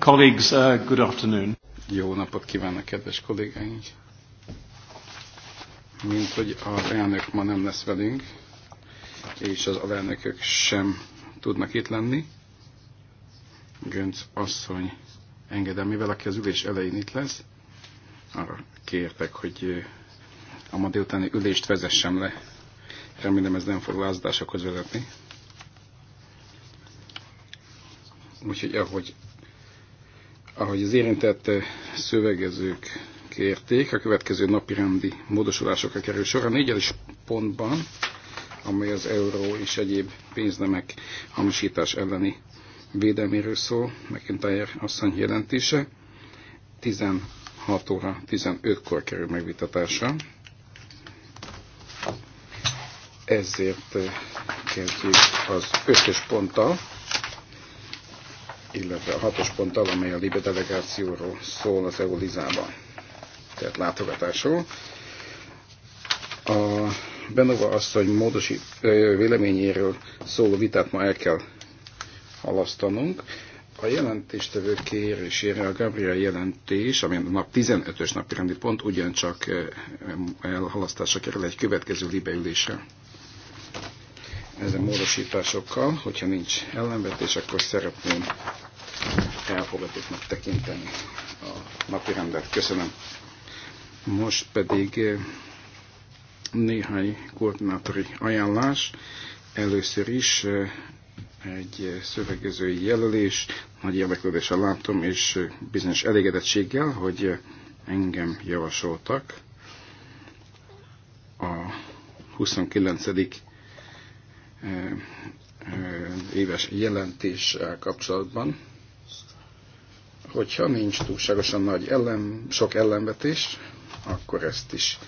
Colleagues, uh, good afternoon. Jó napot kívánok, kedves kollégáink! Mint hogy a elnök ma nem lesz velünk, és az alelnökök sem tudnak itt lenni, Gönc asszony engedelmével, aki az ülés elején itt lesz, arra kértek, hogy uh, a ma délutáni ülést vezessem le. Remélem ez nem fog lázadásokhoz vezetni. Úgyhogy ahogy ahogy az érintett eh, szövegezők kérték, a következő napi rendi módosulásokra kerül sor. A négyes pontban, amely az euró és egyéb pénznemek hamisítás elleni védelméről szól, McIntyre asszony jelentése, 16 óra 15-kor kerül megvitatásra. Ezért eh, kezdjük az összes ponttal illetve a hatos ponttal, amely a Libe delegációról szól az EU-Lizában, tehát látogatásról. A Benova asszony módosi véleményéről szóló vitát ma el kell halasztanunk. A jelentéstevő kérésére a Gabriel jelentés, ami a nap 15-ös napi rendi pont, ugyancsak elhalasztásra kerül egy következő libeülésre ezen módosításokkal, hogyha nincs ellenvetés, akkor szeretném elfogadottnak tekinteni a napi rendet. Köszönöm. Most pedig eh, néhány koordinátori ajánlás. Először is eh, egy eh, szövegezői jelölés. Nagy érdeklődéssel látom, és bizonyos elégedettséggel, hogy engem javasoltak a 29 éves jelentéssel kapcsolatban, hogyha nincs túlságosan nagy ellen, sok ellenvetés, akkor ezt is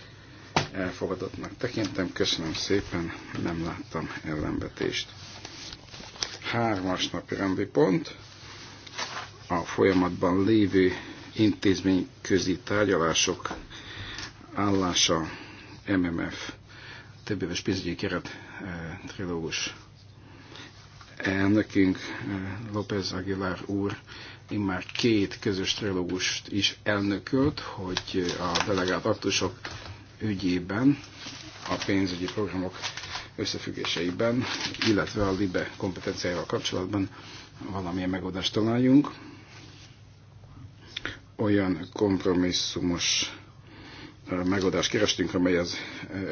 elfogadottnak tekintem. Köszönöm szépen, nem láttam ellenvetést. Hármas napi rendi pont, a folyamatban lévő intézményközi tárgyalások állása MMF éves pénzügyi keret eh, trilógus elnökünk, eh, López Aguilar úr immár két közös trilógust is elnökölt, hogy a delegált aktusok ügyében, a pénzügyi programok összefüggéseiben, illetve a LIBE kompetenciájával kapcsolatban valamilyen megoldást találjunk. Olyan kompromisszumos megoldást kerestünk, amely az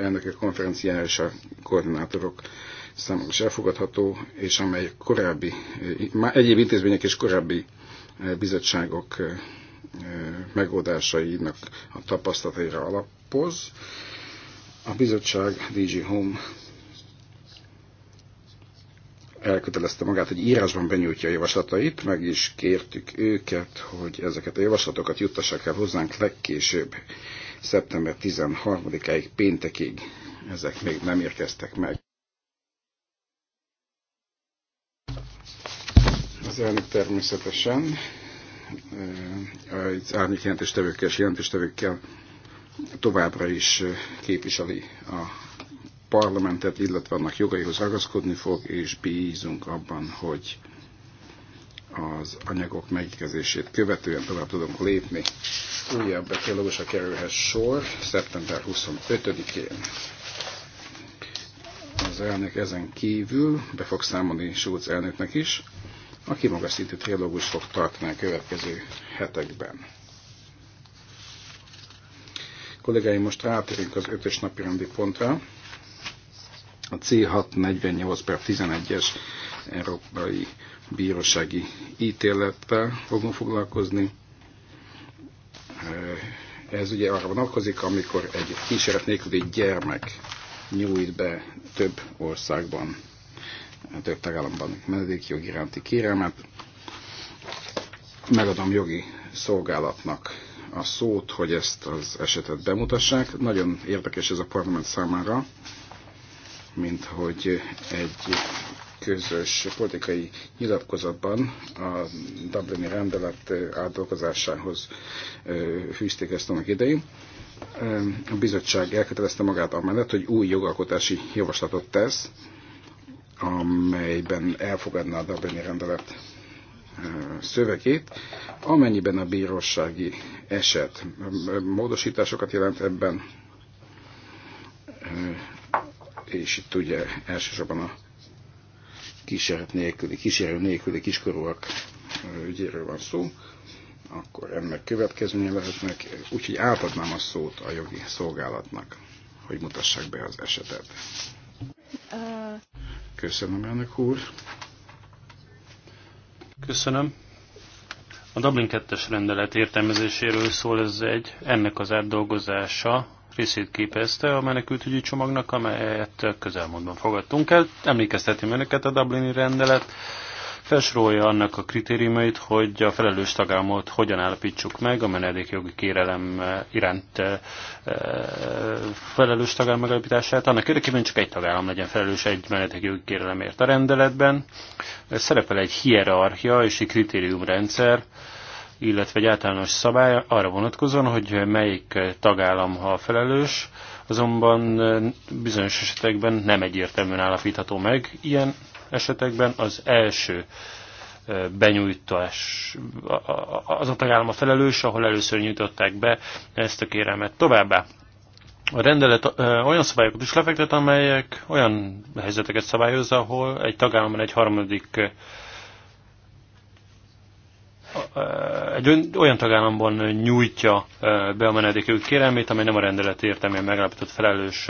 elnöke konferenciája és a koordinátorok számára is elfogadható, és amely korábbi, egyéb intézmények és korábbi eh, bizottságok eh, eh, megoldásainak a tapasztalataira alapoz. A bizottság DG Home elkötelezte magát, hogy írásban benyújtja a javaslatait, meg is kértük őket, hogy ezeket a javaslatokat juttassák el hozzánk legkésőbb szeptember 13-áig péntekig. Ezek még nem érkeztek meg. Az elnök természetesen eh, az árnyék jelentéstevőkkel és jelentéstevőkkel továbbra is eh, képviseli a parlamentet, illetve annak jogaihoz ragaszkodni fog, és bízunk abban, hogy az anyagok megkezését követően tovább tudunk lépni. Újabb trilógusra kerülhet sor szeptember 25-én. Az elnök ezen kívül be fog számolni Schulz elnöknek is, aki magas szintű trilógus fog tartani a következő hetekben. Kollégáim, most rátérünk az ötös napi rendi pontra, a C648 per 11-es Európai Bírósági ítélettel fogunk foglalkozni. Ez ugye arra vonatkozik, amikor egy kísérlet nélküli gyermek nyújt be több országban, több tagállamban menedékjog iránti kérelmet. Megadom jogi szolgálatnak a szót, hogy ezt az esetet bemutassák. Nagyon érdekes ez a parlament számára mint hogy egy közös politikai nyilatkozatban a Dublini rendelet átdolgozásához fűzték ezt annak idején. A bizottság elkötelezte magát amellett, hogy új jogalkotási javaslatot tesz, amelyben elfogadná a Dublini rendelet szövegét, amennyiben a bírósági eset módosításokat jelent ebben és itt ugye elsősorban a kísérlet nélküli, kísérő nélküli kiskorúak ügyéről van szó, akkor ennek következménye lehetnek, úgyhogy átadnám a szót a jogi szolgálatnak, hogy mutassák be az esetet. Köszönöm, elnök úr. Köszönöm. A Dublin 2-es rendelet értelmezéséről szól ez egy, ennek az átdolgozása részét képezte a menekültügyi csomagnak, amelyet közelmúltban fogadtunk el. Emlékeztetném önöket a Dublini rendelet felsorolja annak a kritériumait, hogy a felelős tagállamot hogyan állapítsuk meg, a menedékjogi kérelem iránt eh, felelős tagállam megalapítását. Annak érdekében csak egy tagállam legyen felelős egy menedékjogi kérelemért a rendeletben. Szerepel egy hierarchia és egy kritériumrendszer, illetve egy általános szabály arra vonatkozóan, hogy melyik tagállam ha felelős, azonban eh, bizonyos esetekben nem egyértelműen állapítható meg. Ilyen esetekben az első eh, benyújtás, az a tagállam a felelős, ahol először nyújtották be ezt a kérelmet. Továbbá a rendelet eh, olyan szabályokat is lefektet, amelyek olyan helyzeteket szabályozza, ahol egy tagállamban egy harmadik egy olyan tagállamban nyújtja be a menedékjogi kérelmét, amely nem a rendelet értelmében megállapított felelős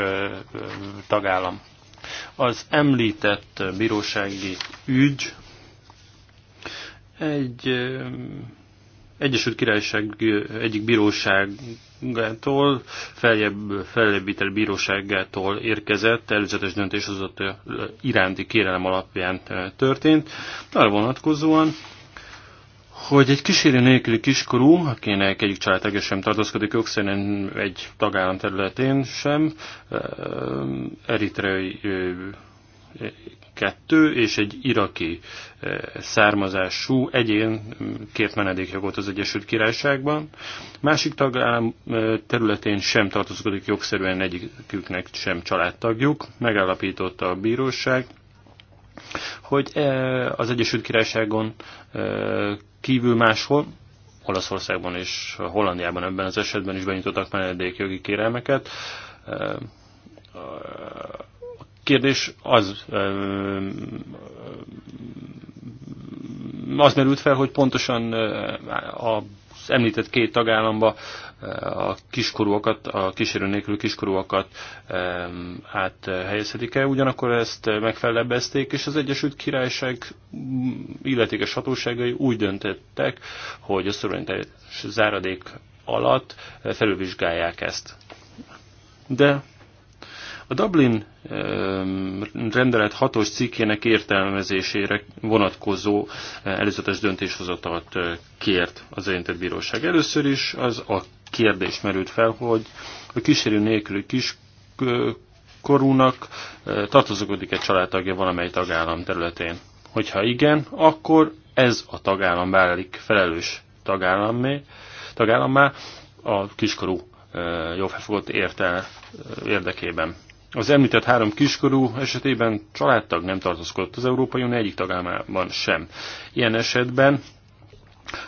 tagállam. Az említett bírósági ügy egy Egyesült Királyság egyik bíróságától, feljebb, fellebbített bíróságától érkezett, előzetes döntéshozott iránti kérelem alapján történt. Arra vonatkozóan, hogy egy kísérő nélküli kiskorú, akinek egyik családtagja sem tartózkodik jogszerűen egy tagállam területén sem, eh, eritreai eh, kettő és egy iraki eh, származású egyén mm, két menedékjogot az Egyesült Királyságban. Másik tagállam területén sem tartózkodik jogszerűen egyiküknek sem családtagjuk, megállapította a bíróság, hogy e, az Egyesült Királyságon e, kívül máshol, Olaszországban és Hollandiában ebben az esetben is benyújtottak menedékjogi kérelmeket. E, a kérdés az, az merült fel, hogy pontosan az említett két tagállamba a kiskorúakat, a kísérő nélkül kiskorúakat áthelyezhetik el. Ugyanakkor ezt megfelebezték, és az Egyesült Királyság illetékes hatóságai úgy döntöttek, hogy a szorványteljes záradék alatt felülvizsgálják ezt. De a Dublin rendelet hatos cikkének értelmezésére vonatkozó előzetes döntéshozatalt kért az érintett bíróság. Először is az a kérdés merült fel, hogy a kísérő nélküli kis korúnak tartozókodik egy családtagja valamely tagállam területén. Hogyha igen, akkor ez a tagállam válik felelős tagállammé, tagállammá a kiskorú jófelfogott értel érdekében. Az említett három kiskorú esetében családtag nem tartozkodott az Európai Unió egyik tagállamában sem. Ilyen esetben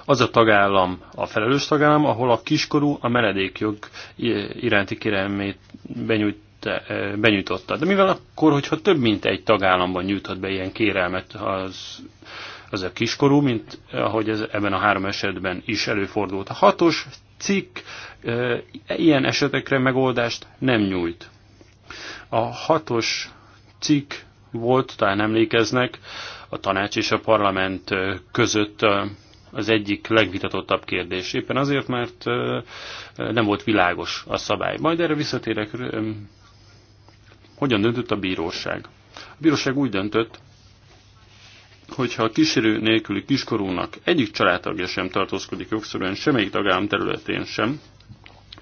az a tagállam, a felelős tagállam, ahol a kiskorú a menedékjog iránti kérelmét benyújt, eh, benyújtotta. De mivel akkor, hogyha több mint egy tagállamban nyújtott be ilyen kérelmet az, az a kiskorú, mint ahogy ez ebben a három esetben is előfordult. A hatos cikk e, ilyen esetekre megoldást nem nyújt. A hatos cikk volt, talán emlékeznek, a tanács és a parlament eh, között az egyik legvitatottabb kérdés. Éppen azért, mert nem volt világos a szabály. Majd erre visszatérek, hogyan döntött a bíróság. A bíróság úgy döntött, hogyha a kísérő nélküli kiskorúnak egyik családtagja sem tartózkodik jogszerűen semmelyik tagállam területén sem,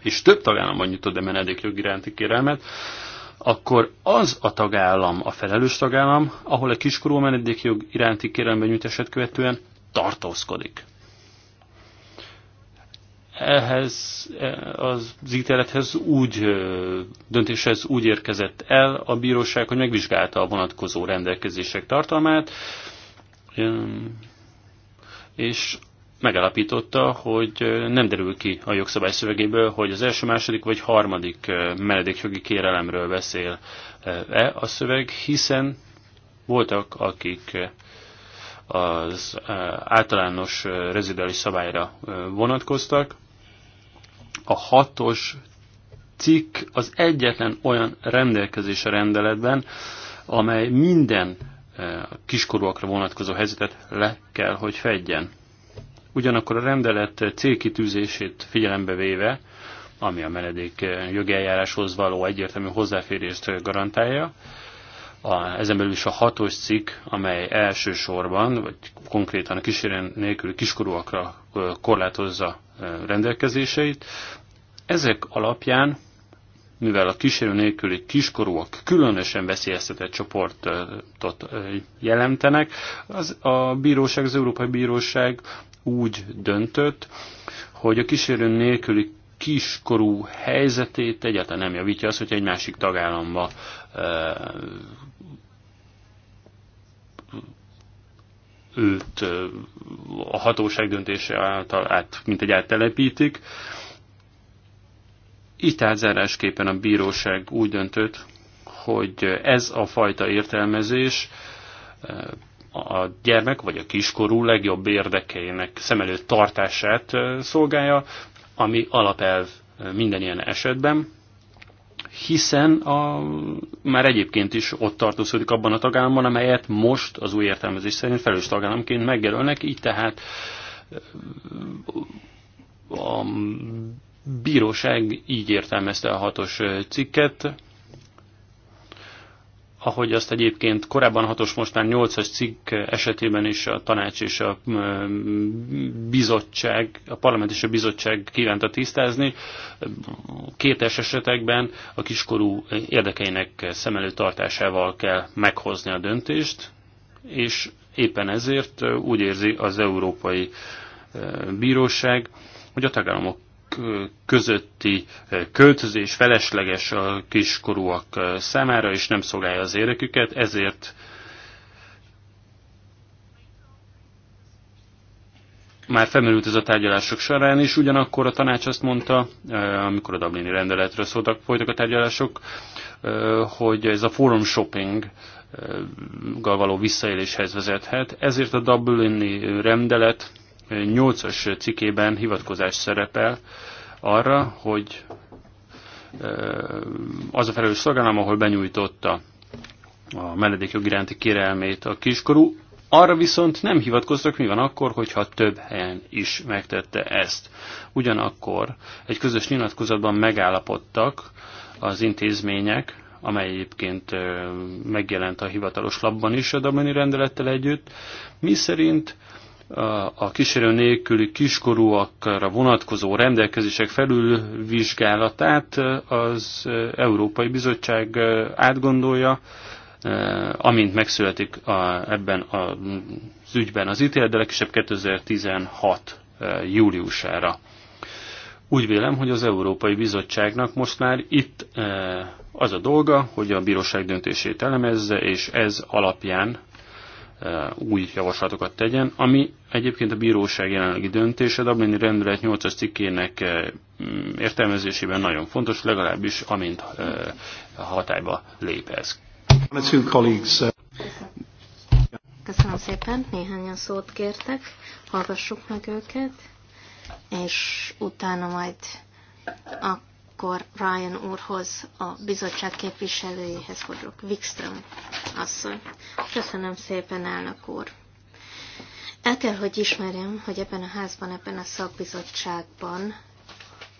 és több tagállamban nyitott be menedékjog iránti kérelmet, akkor az a tagállam, a felelős tagállam, ahol a kiskorú menedékjog iránti kérelme nyújtását követően tartózkodik. Ehhez az ítélethez úgy, döntéshez úgy érkezett el a bíróság, hogy megvizsgálta a vonatkozó rendelkezések tartalmát, és megállapította, hogy nem derül ki a jogszabály szövegéből, hogy az első, második vagy harmadik menedékjogi kérelemről beszél-e a szöveg, hiszen voltak, akik az általános rezidális szabályra vonatkoztak. A hatos cikk az egyetlen olyan rendelkezés a rendeletben, amely minden kiskorúakra vonatkozó helyzetet le kell, hogy fedjen. Ugyanakkor a rendelet célkitűzését figyelembe véve, ami a menedék jogeljáráshoz való egyértelmű hozzáférést garantálja, a, ezen belül is a hatos cikk, amely elsősorban, vagy konkrétan a kísérő nélkül kiskorúakra korlátozza rendelkezéseit. Ezek alapján, mivel a kísérő nélküli kiskorúak különösen veszélyeztetett csoportot jelentenek, az a bíróság, az Európai Bíróság úgy döntött, hogy a kísérő nélküli kiskorú helyzetét egyáltalán nem javítja az, hogy egy másik tagállamba őt a hatóság döntése által át, mint egy áttelepítik. Így átzárásképpen a bíróság úgy döntött, hogy ez a fajta értelmezés a gyermek vagy a kiskorú legjobb érdekeinek szem előtt tartását szolgálja, ami alapelv minden ilyen esetben hiszen a, már egyébként is ott tartózkodik abban a tagállamban, amelyet most az új értelmezés szerint felelős tagállamként megjelölnek, így tehát a bíróság így értelmezte a hatos cikket, ahogy azt egyébként korábban hatos, most már nyolcas cikk esetében is a tanács és a mm, bizottság, a parlament és a bizottság kívánta tisztázni, kétes esetekben a kiskorú érdekeinek szem előtt tartásával kell meghozni a döntést, és éppen ezért úgy érzi az Európai e, Bíróság, hogy a tagállamok közötti eh, költözés felesleges a kiskorúak eh, számára, és nem szolgálja az éreküket, ezért már felmerült ez a tárgyalások során is, ugyanakkor a tanács azt mondta, eh, amikor a Dublini rendeletről szóltak, folytak a tárgyalások, hogy ez a forum shopping gal való visszaéléshez vezethet, ezért a Dublini rendelet 8-as hivatkozás szerepel arra, hogy az a felelős szolgálom, ahol benyújtotta a menedékjog iránti kérelmét a kiskorú, arra viszont nem hivatkoztak, mi van akkor, hogyha több helyen is megtette ezt. Ugyanakkor egy közös nyilatkozatban megállapodtak az intézmények, amely egyébként megjelent a hivatalos labban is a Dublini rendelettel együtt, mi szerint a kísérő nélküli kiskorúakra vonatkozó rendelkezések felülvizsgálatát az Európai Bizottság átgondolja, amint megszületik a, ebben az ügyben az ítélet, de legkisebb 2016 júliusára. Úgy vélem, hogy az Európai Bizottságnak most már itt az a dolga, hogy a bíróság döntését elemezze, és ez alapján Eh, új javaslatokat tegyen, ami egyébként a bíróság jelenlegi döntése, Dublini rendelet 8-as cikkének eh, mm, értelmezésében nagyon fontos, legalábbis amint eh, hatályba lép ez. Uh, Köszönöm szépen, néhányan szót kértek, hallgassuk meg őket, és utána majd a akkor Ryan úrhoz, a bizottság képviselőjéhez fordulok. Wikström asszony. Köszönöm szépen, elnök úr. El kell, hogy ismerjem, hogy ebben a házban, ebben a szakbizottságban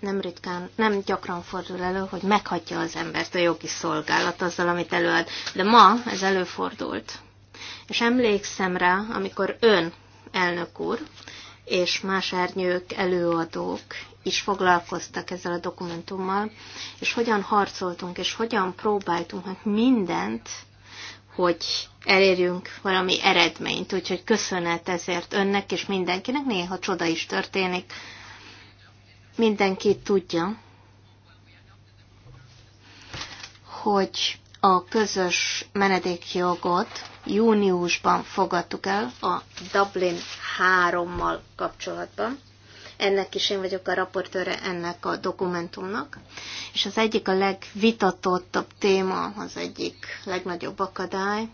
nem ritkán, nem gyakran fordul elő, hogy meghatja az embert a jogi szolgálat azzal, amit előad. De ma ez előfordult. És emlékszem rá, amikor ön, elnök úr, és más árnyők, előadók is foglalkoztak ezzel a dokumentummal, és hogyan harcoltunk, és hogyan próbáltunk meg mindent, hogy elérjünk valami eredményt. Úgyhogy köszönet ezért önnek és mindenkinek, néha csoda is történik. Mindenki tudja, hogy a közös menedékjogot júniusban fogadtuk el a Dublin 3-mal kapcsolatban, ennek is én vagyok a raportőre ennek a dokumentumnak, és az egyik a legvitatottabb téma, az egyik legnagyobb akadály,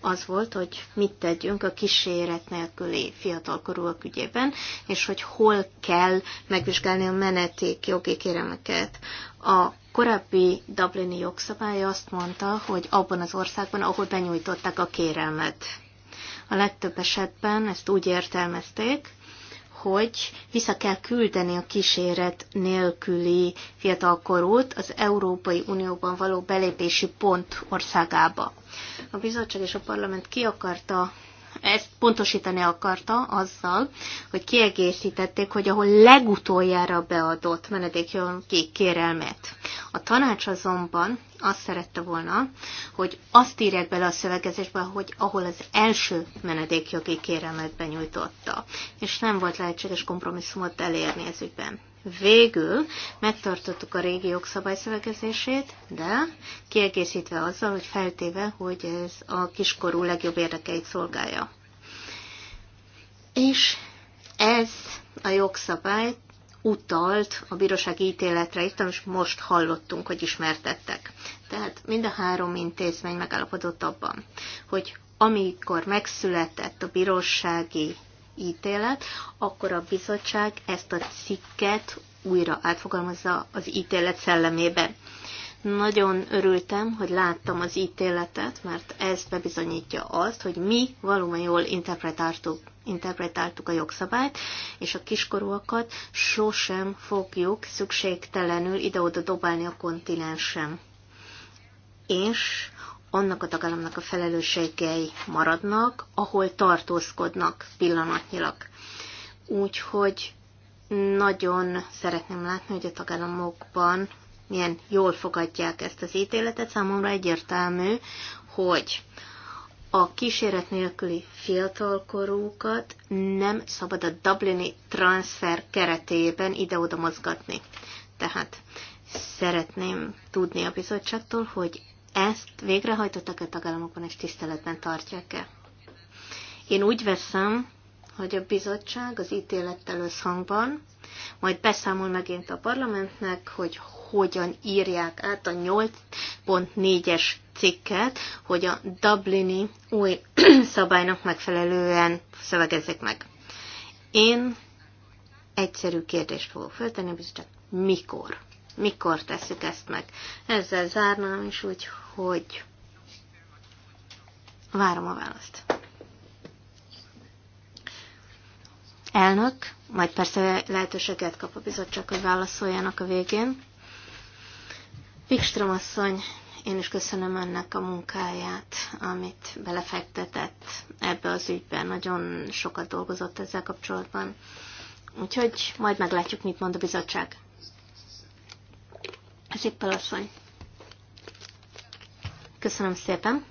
az volt, hogy mit tegyünk a kíséret nélküli fiatalkorúak ügyében, és hogy hol kell megvizsgálni a meneték jogi kéremeket. A korábbi Dublini jogszabály azt mondta, hogy abban az országban, ahol benyújtották a kérelmet. A legtöbb esetben ezt úgy értelmezték, hogy vissza kell küldeni a kíséret nélküli fiatalkorút az Európai Unióban való belépési pont országába. A bizottság és a parlament ki akarta ezt pontosítani akarta azzal, hogy kiegészítették, hogy ahol legutoljára beadott menedékjogi kérelmet. A tanács azonban azt szerette volna, hogy azt írják bele a szövegezésbe, hogy ahol az első menedékjogi kérelmet benyújtotta, és nem volt lehetséges kompromisszumot elérni ez ügyben. Végül megtartottuk a régi jogszabályszövegezését, de kiegészítve azzal, hogy feltéve, hogy ez a kiskorú legjobb érdekeit szolgálja. És ez a jogszabály utalt a bírósági ítéletre, itt most, most hallottunk, hogy ismertettek. Tehát mind a három intézmény megállapodott abban, hogy amikor megszületett a bírósági ítélet, akkor a bizottság ezt a cikket újra átfogalmazza az ítélet szellemébe. Nagyon örültem, hogy láttam az ítéletet, mert ez bebizonyítja azt, hogy mi valóban jól interpretáltuk, interpretáltuk a jogszabályt, és a kiskorúakat sosem fogjuk szükségtelenül ide-oda dobálni a kontinensen. És annak a tagállamnak a felelősségei maradnak, ahol tartózkodnak pillanatnyilag. Úgyhogy nagyon szeretném látni, hogy a tagállamokban milyen jól fogadják ezt az ítéletet. Számomra egyértelmű, hogy a kíséret nélküli fiatalkorúkat nem szabad a Dublini transfer keretében ide-oda mozgatni. Tehát szeretném tudni a bizottságtól, hogy ezt végrehajtottak a tagállamokban, és tiszteletben tartják-e. Én úgy veszem, hogy a bizottság az ítélettel összhangban, majd beszámol megint a parlamentnek, hogy hogyan írják át a 8.4-es cikket, hogy a Dublini új szabálynak megfelelően szövegezzék meg. Én egyszerű kérdést fogok föltenni, bizottság, mikor? mikor tesszük ezt meg. Ezzel zárnám is úgy, hogy várom a választ. Elnök, majd persze lehetőséget kap a bizottság, hogy válaszoljanak a végén. Pikström asszony, én is köszönöm önnek a munkáját, amit belefektetett ebbe az ügyben. Nagyon sokat dolgozott ezzel kapcsolatban. Úgyhogy majd meglátjuk, mit mond a bizottság. Zippel Köszönöm szépen.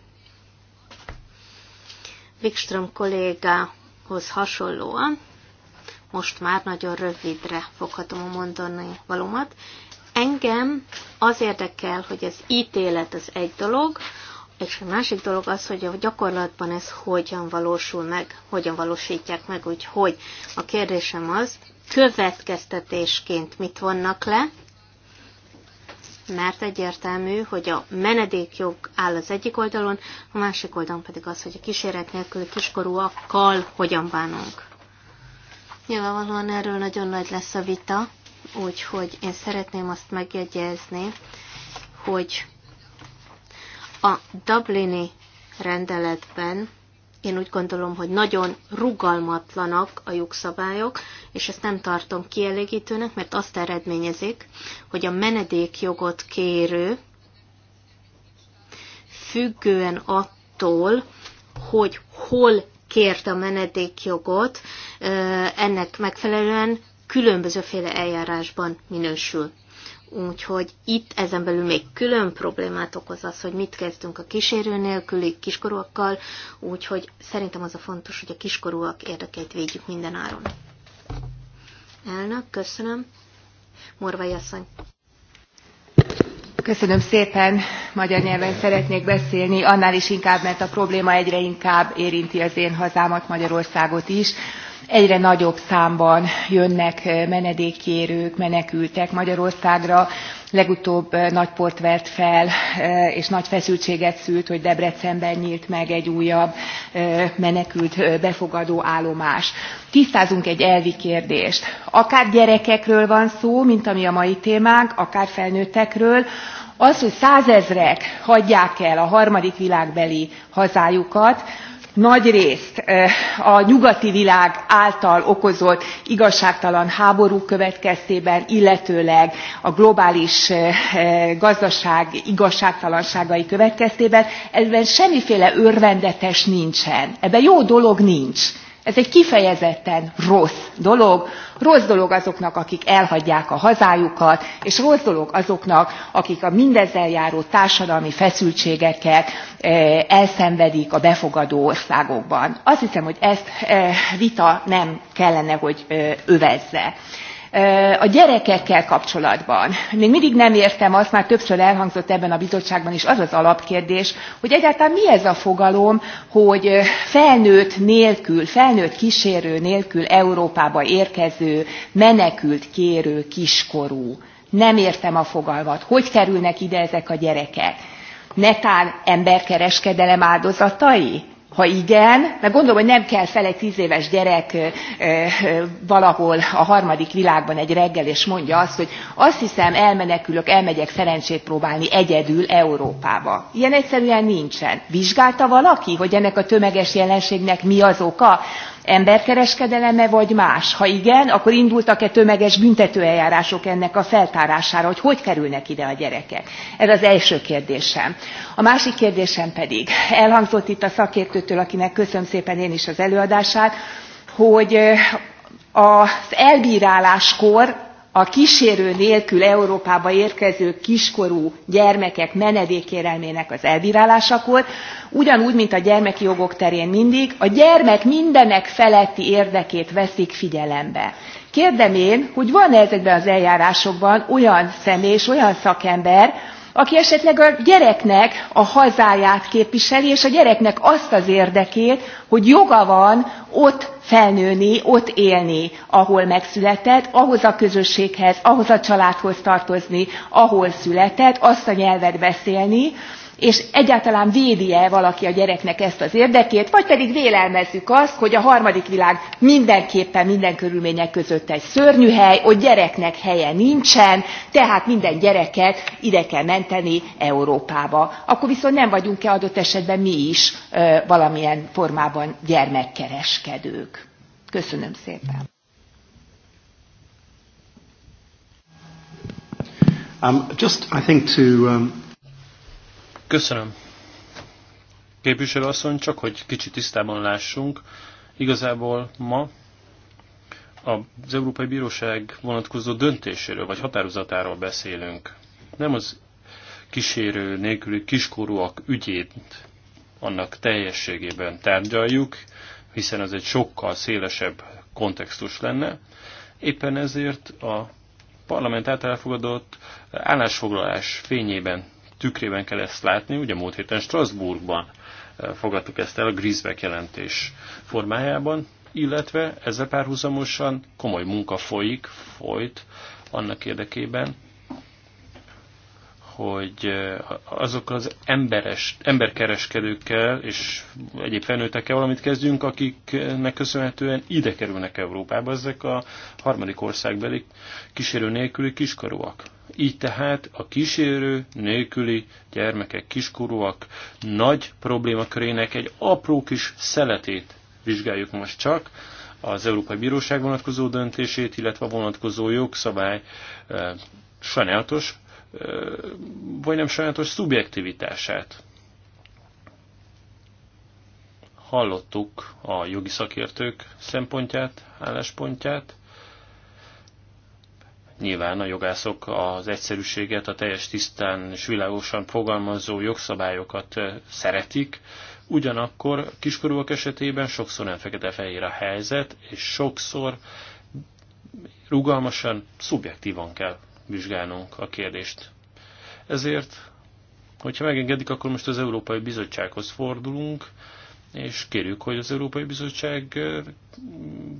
Wikström kollégához hasonlóan most már nagyon rövidre foghatom a mondani valómat. Engem az érdekel, hogy az ítélet az egy dolog, és a másik dolog az, hogy a gyakorlatban ez hogyan valósul meg, hogyan valósítják meg, úgyhogy a kérdésem az, következtetésként mit vonnak le, mert egyértelmű, hogy a menedékjog áll az egyik oldalon, a másik oldalon pedig az, hogy a kíséret nélkül kiskorúakkal hogyan bánunk. Nyilvánvalóan erről nagyon nagy lesz a vita, úgyhogy én szeretném azt megjegyezni, hogy a Dublini rendeletben én úgy gondolom, hogy nagyon rugalmatlanak a jogszabályok, és ezt nem tartom kielégítőnek, mert azt eredményezik, hogy a menedékjogot kérő függően attól, hogy hol kért a menedékjogot, ennek megfelelően különbözőféle eljárásban minősül. Úgyhogy itt ezen belül még külön problémát okoz az, hogy mit kezdünk a kísérő nélküli kiskorúakkal, úgyhogy szerintem az a fontos, hogy a kiskorúak érdekeit védjük minden áron. Elnök, köszönöm. Morvai asszony. Köszönöm szépen. Magyar nyelven szeretnék beszélni, annál is inkább, mert a probléma egyre inkább érinti az én hazámat, Magyarországot is egyre nagyobb számban jönnek menedékkérők menekültek magyarországra legutóbb nagy port vert fel és nagy feszültséget szült hogy debrecenben nylt meg egy újabb menekült befogadó állomás. tisztázunk egy elvi kérdést akár gyerekekről van szó mint ami a mai témánk akár felnőttekről az hogy százezrek hagyják el a harmadik világbeli hazájukat nagyrészt a nyugati világ által okozott igazságtalan háborúk következtében illetőleg a globális gazdaság igazságtalanságai következtében ebben semmiféle örvendetes nincsen ebben jó dolog nincs ez egy kifejezetten rossz dolog rossz dolog azoknak akik elhagyják a hazájukat és rossz dolog azoknak akik a mindezzel járó társadalmi feszültségeket eh, elszenvedik a befogadó országokban. azt hiszem hogy ezt eh, vita nem kellene hogy eh, övezze a gyerekekkel kapcsolatban még mindig nem értem azt már többször elhangzott ebben a bizottságban is az az alapkérdés hogy egyáltalán mi ez a fogalom hogy felnőtt nélkül felnőtt ksérő nélkül európába érkező menekült kérő kiskorú. nem értem a fogalmat hogy kerülnek ide ezek a gyerekek? netán emberkereskedelem áldozatai? ha igen mert gondolom hogy nem kell fel egy tz éves gyerek valahol a harmadik világban egy reggel és mondja azt hogy azt hiszem elmenekülök elmegyek szerencsét próbálni egyedül európába. ilyen egyszerűen nincsen. vizsgálta valaki hogy ennek a tömeges jelenségnek mi az oka? e vagy más? ha igen akkor indultak e tömeges büntetőeljárások ennek a feltárására hogy hogy kerülnek ide a gyerekek? ez az első kérdésem. a másik kérdésem pedig elhangzott itt a szakértőtől akinek köszönöm szépen én is az előadását hogy az elbráláskor a ksérő nélkül európába érkező kiskorú gyermekek menedékkérelmének az elbrálásakor ugyanúgy mint a gyermeki jogok terén mindig a gyermek mindenek feletti érdekét veszik figyelembe. kérdem én hogy van e ezekben az eljárásokban olyan személy és olyan szakember aki esetleg a gyereknek a hazáját képviseli és a gyereknek azt az érdekét hogy joga van ott felnőni ott élni ahol megszületett ahhoz a közösséghez ahhoz a családhoz tartozni ahol született azt a nyelvet beszélni és egyáltalán védi e valaki a gyereknek ezt az érdekét vagy pedig vélelmezzük azt hogy a harmadik világ mindenképpen minden körülmények között egy szörnyű hely ott gyereknek helye nincsen tehát minden gyereket ide kell menteni európába akkor viszont nem vagyunk e adott esetben mi is valamilyen formában gyermekkereskedők? köszönöm szépen! Um, just, I think, to um, Köszönöm. Képviselő asszony, csak hogy kicsit tisztában lássunk, igazából ma az Európai Bíróság vonatkozó döntéséről vagy határozatáról beszélünk. Nem az kísérő nélküli kiskorúak ügyét annak teljességében tárgyaljuk, hiszen ez egy sokkal szélesebb kontextus lenne. Éppen ezért a parlament által elfogadott állásfoglalás fényében tükrében kell ezt látni. Ugye múlt héten Strasbourgban e, fogadtuk ezt el a Griezbeck jelentés formájában, illetve ezzel párhuzamosan komoly munka folyik, folyt annak érdekében, hogy e, azok az emberes, emberkereskedőkkel és egyéb felnőttekkel valamit kezdjünk, akiknek köszönhetően ide kerülnek Európába ezek a harmadik országbeli kísérő nélküli kiskorúak. Így tehát a kísérő nélküli gyermekek, kiskorúak nagy problémakörének egy apró kis szeletét vizsgáljuk most csak, az Európai Bíróság vonatkozó döntését, illetve a vonatkozó jogszabály e, sajnálatos, e, vagy nem sajnálatos szubjektivitását. Hallottuk a jogi szakértők szempontját, álláspontját, Nyilván a jogászok az egyszerűséget, a teljes tisztán és világosan fogalmazó jogszabályokat szeretik, ugyanakkor kiskorúak esetében sokszor nem fekete-fehér a helyzet, és sokszor rugalmasan, szubjektívan kell vizsgálnunk a kérdést. Ezért, hogyha megengedik, akkor most az Európai Bizottsághoz fordulunk, és kérjük, hogy az Európai Bizottság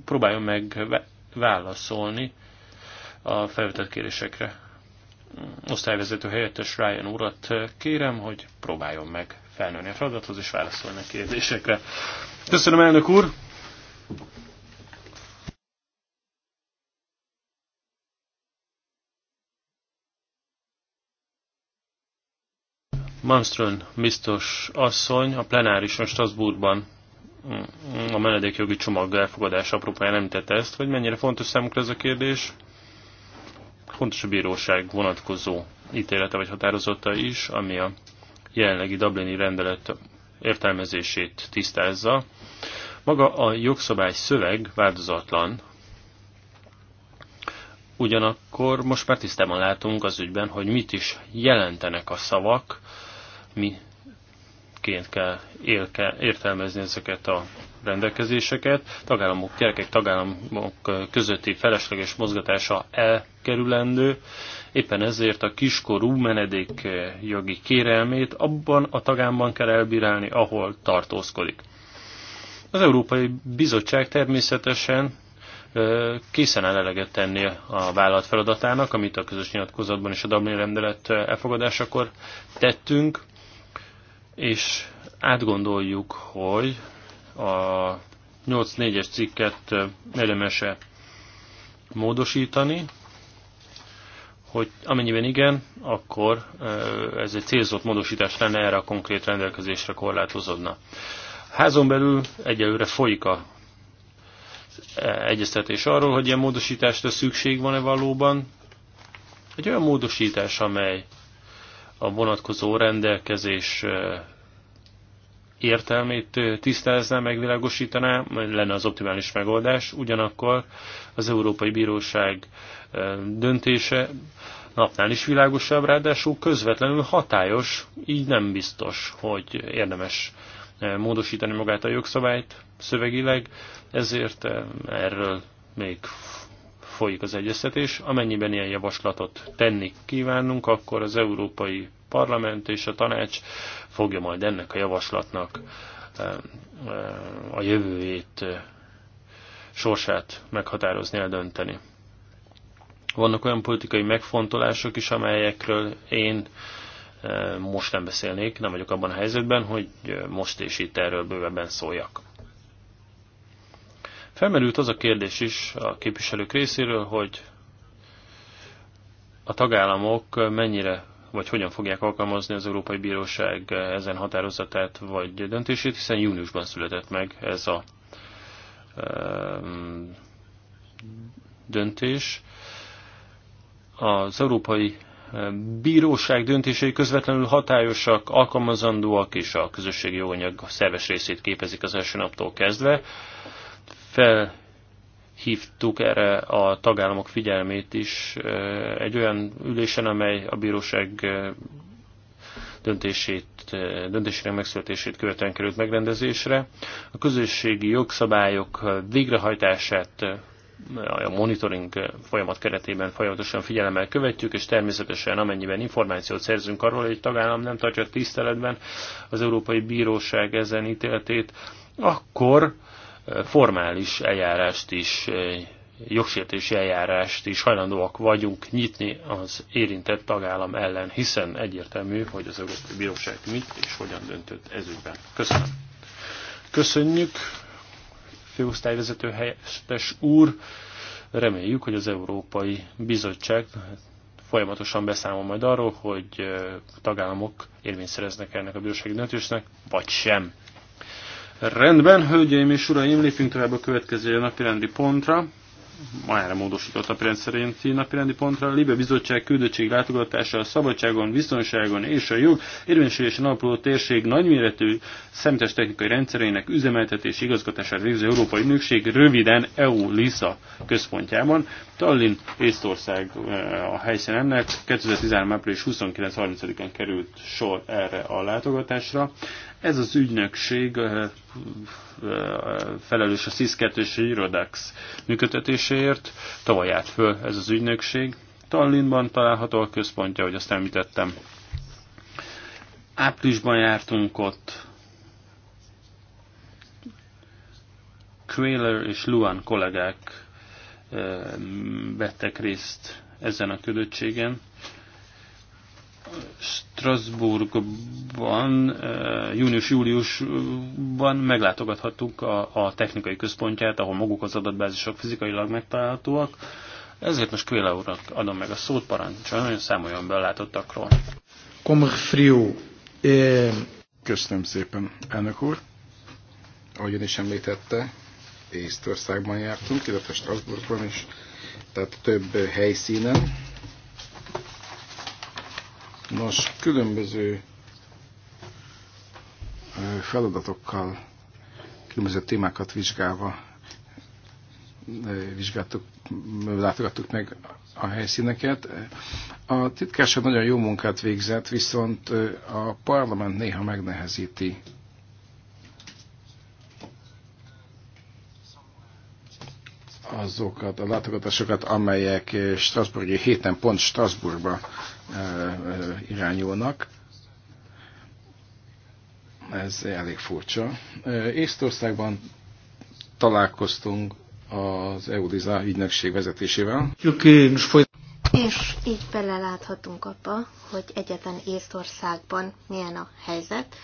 próbáljon meg válaszolni a felvetett kérésekre. Osztályvezető helyettes Ryan urat eh, kérem, hogy próbáljon meg felnőni a feladathoz és válaszolni a kérdésekre. Köszönöm, elnök úr! Malmström biztos asszony a plenárison Strasbourgban mm, mm, a menedékjogi csomag elfogadása apropóján említette ezt, hogy mennyire fontos számukra ez a kérdés fontos a bíróság vonatkozó ítélete vagy határozata is, ami a jelenlegi Dublini rendelet értelmezését tisztázza. Maga a jogszabály szöveg változatlan, ugyanakkor most már tisztában látunk az ügyben, hogy mit is jelentenek a szavak, mi ként kell értelmezni ezeket a rendelkezéseket, tagállamok, gyerekek tagállamok közötti felesleges mozgatása elkerülendő, éppen ezért a kiskorú menedék jogi kérelmét abban a tagállamban kell elbírálni, ahol tartózkodik. Az Európai Bizottság természetesen készen áll eleget tenni a vállalat feladatának, amit a közös nyilatkozatban és a Dublin rendelet elfogadásakor tettünk, és átgondoljuk, hogy a 8.4-es cikket elemese módosítani, hogy amennyiben igen, akkor ez egy célzott módosítás lenne, erre a konkrét rendelkezésre korlátozódna. Házon belül egyelőre folyik a e, egyeztetés arról, hogy ilyen módosításra szükség van-e valóban. Egy olyan módosítás, amely a vonatkozó rendelkezés értelmét tisztázná, megvilágosítaná, lenne az optimális megoldás. Ugyanakkor az Európai Bíróság döntése napnál is világosabb, ráadásul közvetlenül hatályos, így nem biztos, hogy érdemes módosítani magát a jogszabályt szövegileg, ezért erről még folyik az egyeztetés. Amennyiben ilyen javaslatot tenni kívánunk, akkor az Európai parlament és a tanács fogja majd ennek a javaslatnak eh, eh, a jövőjét, eh, sorsát meghatározni, eldönteni. Vannak olyan politikai megfontolások is, amelyekről én most nem beszélnék, nem vagyok abban a helyzetben, hogy most és itt erről bővebben szóljak. Felmerült az a kérdés is a képviselők részéről, hogy a tagállamok mennyire vagy hogyan fogják alkalmazni az Európai Bíróság ezen határozatát vagy döntését, hiszen júniusban született meg ez a ehm, döntés. Az Európai ehm, Bíróság döntései közvetlenül hatályosak, alkalmazandóak és a közösségi jóanyag szerves részét képezik az első naptól kezdve. Fel hívtuk erre a tagállamok figyelmét is egy olyan ülésen, amely a bíróság döntését, döntésének megszületését követően került megrendezésre. A közösségi jogszabályok végrehajtását a monitoring folyamat keretében folyamatosan figyelemmel követjük, és természetesen amennyiben információt szerzünk arról, hogy egy tagállam nem tartja tiszteletben az Európai Bíróság ezen ítéletét, akkor formális eljárást is, eh, jogsértési eljárást is hajlandóak vagyunk nyitni az érintett tagállam ellen, hiszen egyértelmű, hogy az Európai Bíróság mit és hogyan döntött ezügyben. Köszönöm. Köszönjük, főosztályvezető helyettes úr. Reméljük, hogy az Európai Bizottság folyamatosan beszámol majd arról, hogy eh, tagállamok érvényt szereznek ennek a bírósági döntésnek, vagy sem. Rendben, hölgyeim és uraim, lépjünk tovább a következő napirendi pontra. Ma erre módosított napirend szerinti napirendi pontra. Libe Bizottság küldöttség látogatása a szabadságon, biztonságon és a jog érvényesülésen alapuló térség nagyméretű szemtes technikai rendszerének üzemeltetési igazgatását végző Európai Ügynökség, röviden EU-LISA központjában. Tallinn, Észtország eh, a helyszín ennek. 2013. április 29-30-án került sor erre a látogatásra. Ez az ügynökség felelős a SZIS-2 és irodax működtetéséért. Tavaly állt föl ez az ügynökség. Tallinnban található a központja, hogy azt említettem. Áprilisban jártunk ott. Quayler és Luan kollégák vettek részt ezen a ködöttségen. Strasbourgban eh, június-júliusban meglátogathattuk a, a technikai központját, ahol maguk az adatbázisok fizikailag megtalálhatóak. Ezért most Kvéla úrnak adom meg a szót, parancsoljon, hogy számoljon be a látottakról. Eh, Köszönöm szépen, elnök úr. ön is említette, Észtországban jártunk, illetve Strasbourgban is, tehát több helyszínen, Nos, különböző feladatokkal, különböző témákat vizsgálva vizsgáltuk, látogattuk meg a helyszíneket. A titkárság nagyon jó munkát végzett, viszont a parlament néha megnehezíti azokat a látogatásokat, amelyek Strasburgi héten pont Strasbourgba Eh, irányulnak. Ez elég furcsa. Eh, Észtországban találkoztunk az EUDIZA ügynökség vezetésével. És így beleláthatunk abba, hogy egyetlen Észtországban milyen a helyzet,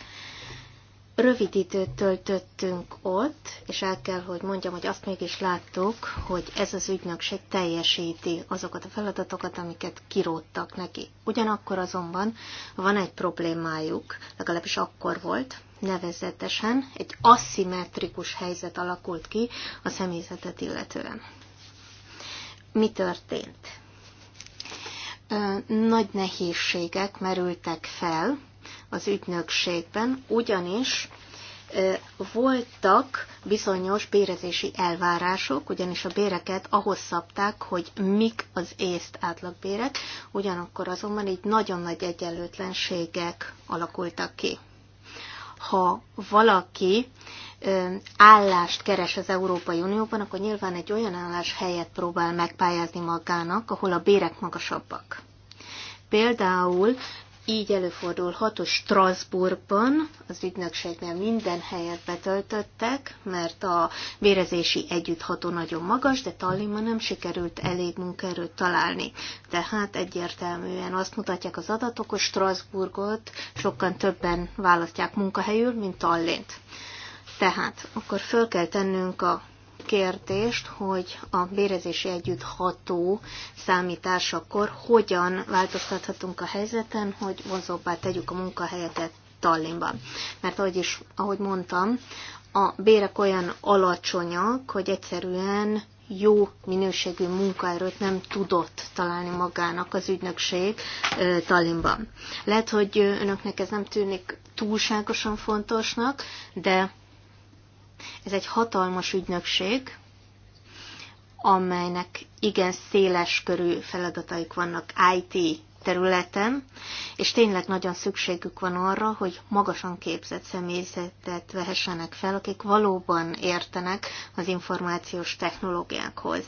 Rövid időt töltöttünk ott, és el kell, hogy mondjam, hogy azt mégis láttuk, hogy ez az ügynökség teljesíti azokat a feladatokat, amiket kiróttak neki. Ugyanakkor azonban van egy problémájuk, legalábbis akkor volt, nevezetesen egy aszimmetrikus helyzet alakult ki a személyzetet illetően. Mi történt? Nagy nehézségek merültek fel, az ügynökségben, ugyanis voltak bizonyos bérezési elvárások, ugyanis a béreket ahhoz szabták, hogy mik az észt átlagbérek, ugyanakkor azonban így nagyon nagy egyenlőtlenségek alakultak ki. Ha valaki állást keres az Európai Unióban, akkor nyilván egy olyan állás helyet próbál megpályázni magának, ahol a bérek magasabbak. Például így előfordulhat, hogy Strasbourgban az ügynökségnél minden helyet betöltöttek, mert a vérezési együttható nagyon magas, de Tallinnban nem sikerült elég munkaerőt találni. Tehát egyértelműen azt mutatják az adatok, hogy Strasbourgot sokkal többen választják munkahelyül, mint Tallint. Tehát akkor föl kell tennünk a kérdést, hogy a bérezési együtt ható számításakor hogyan változtathatunk a helyzeten, hogy vonzóbbá tegyük a munkahelyeket Tallinnban. Mert ahogy is, ahogy mondtam, a bérek olyan alacsonyak, hogy egyszerűen jó minőségű munkaerőt nem tudott találni magának az ügynökség Tallinnban. Lehet, hogy önöknek ez nem tűnik túlságosan fontosnak, de ez egy hatalmas ügynökség, amelynek igen széles körű feladataik vannak IT területen, és tényleg nagyon szükségük van arra, hogy magasan képzett személyzetet vehessenek fel, akik valóban értenek az információs technológiákhoz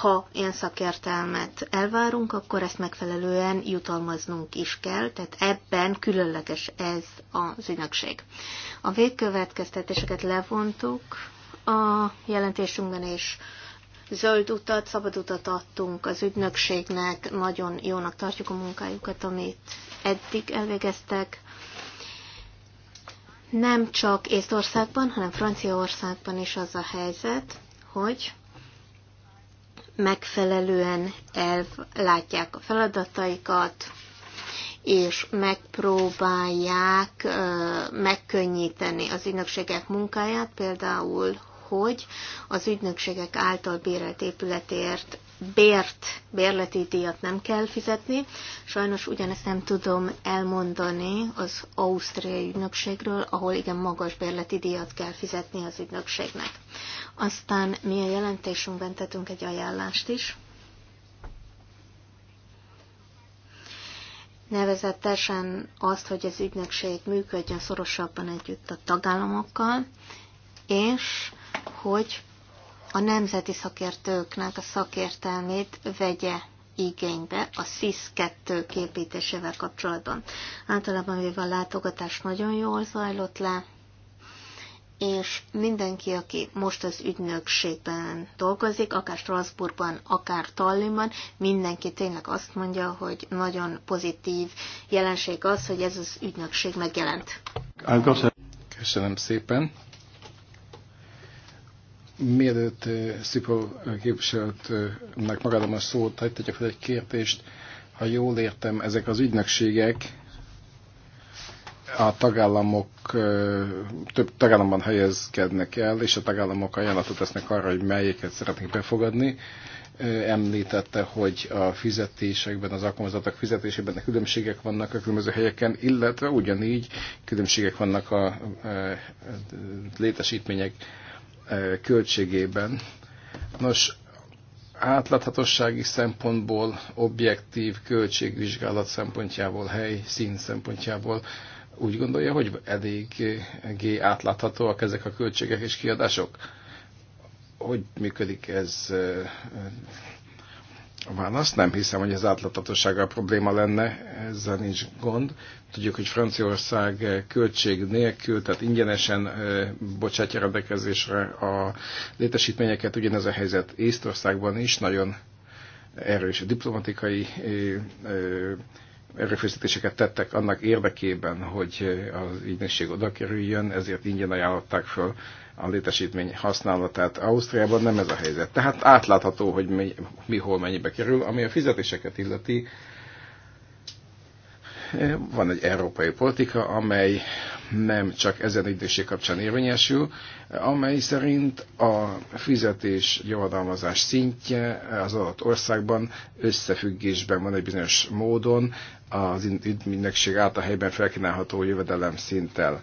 ha ilyen szakértelmet elvárunk, akkor ezt megfelelően jutalmaznunk is kell, tehát ebben különleges ez az ügynökség. A végkövetkeztetéseket levontuk a jelentésünkben, és zöld utat, szabad utat adtunk az ügynökségnek, nagyon jónak tartjuk a munkájukat, amit eddig elvégeztek. Nem csak Észtországban, hanem Franciaországban is az a helyzet, hogy megfelelően ellátják a feladataikat, és megpróbálják megkönnyíteni az ügynökségek munkáját, például, hogy az ügynökségek által bérelt épületért bért, bérleti díjat nem kell fizetni. Sajnos ugyanezt nem tudom elmondani az Ausztriai ügynökségről, ahol igen magas bérleti díjat kell fizetni az ügynökségnek. Aztán mi a jelentésünkben tettünk egy ajánlást is. Nevezetesen azt, hogy az ügynökség működjön szorosabban együtt a tagállamokkal, és hogy a nemzeti szakértőknek a szakértelmét vegye igénybe a SIS-2 képítésével kapcsolatban. Általában véve a látogatás nagyon jól zajlott le, és mindenki, aki most az ügynökségben dolgozik, akár Strasbourgban, akár Tallinnban, mindenki tényleg azt mondja, hogy nagyon pozitív jelenség az, hogy ez az ügynökség megjelent. Köszönöm szépen. Mielőtt Szipol képviselőtnek magadom a szót, hagyd tegyek fel egy kérdést. Ha jól értem, ezek az ügynökségek a tagállamok több tagállamban helyezkednek el, és a tagállamok ajánlatot tesznek arra, hogy melyiket szeretnék befogadni. Említette, hogy a fizetésekben, az alkalmazottak fizetésében különbségek vannak a különböző helyeken, illetve ugyanígy különbségek vannak a létesítmények Eh, költségében. Nos, átláthatossági szempontból, objektív költségvizsgálat szempontjából, hely, szín szempontjából úgy gondolja, hogy eléggé átláthatóak ezek a költségek és kiadások? Hogy működik ez eh, a válasz nem hiszem, hogy az átláthatósága a probléma lenne, ezzel nincs gond. Tudjuk, hogy Franciaország költség nélkül, tehát ingyenesen bocsátja rendelkezésre a létesítményeket, ugyanez a helyzet Észtországban is, nagyon erős diplomatikai erőfeszítéseket tettek annak érdekében, hogy az ügynökség oda kerüljön, ezért ingyen ajánlották föl a létesítmény használatát Ausztriában, nem ez a helyzet. Tehát átlátható, hogy mi, mi hol mennyibe kerül. Ami a fizetéseket illeti, van egy európai politika, amely nem csak ezen időség kapcsán érvényesül, amely szerint a fizetés javadalmazás szintje az adott országban összefüggésben van egy bizonyos módon az ügynökség által helyben felkínálható jövedelem szinttel.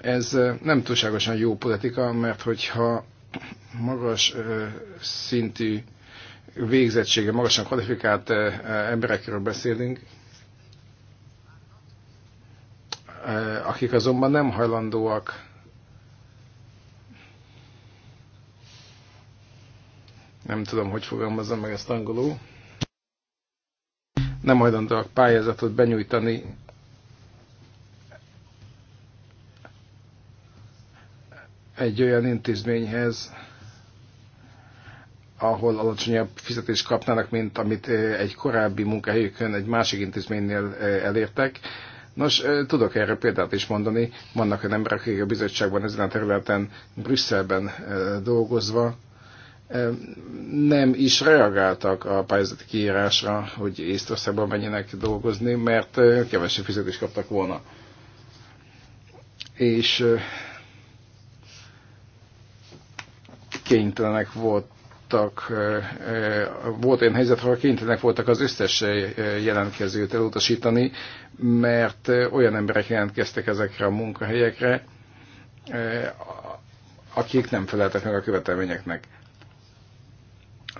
Ez nem túlságosan jó politika, mert hogyha magas szintű végzettsége, magasan kvalifikált emberekről beszélünk, akik azonban nem hajlandóak nem tudom, hogy fogalmazom meg ezt angolul, nem hajlandóak pályázatot benyújtani egy olyan intézményhez, ahol alacsonyabb fizetést kapnának, mint amit egy korábbi munkahelyükön egy másik intézménynél elértek. Nos, tudok erre példát is mondani. Vannak olyan emberek, akik a bizottságban ezen a területen, Brüsszelben dolgozva, nem is reagáltak a pályázati kiírásra, hogy Észtországban menjenek dolgozni, mert kevesebb fizetést kaptak volna. És kénytelenek voltak, volt olyan helyzet, ahol kénytelenek voltak az összes jelentkezőt elutasítani, mert olyan emberek jelentkeztek ezekre a munkahelyekre, akik nem feleltek meg a követelményeknek.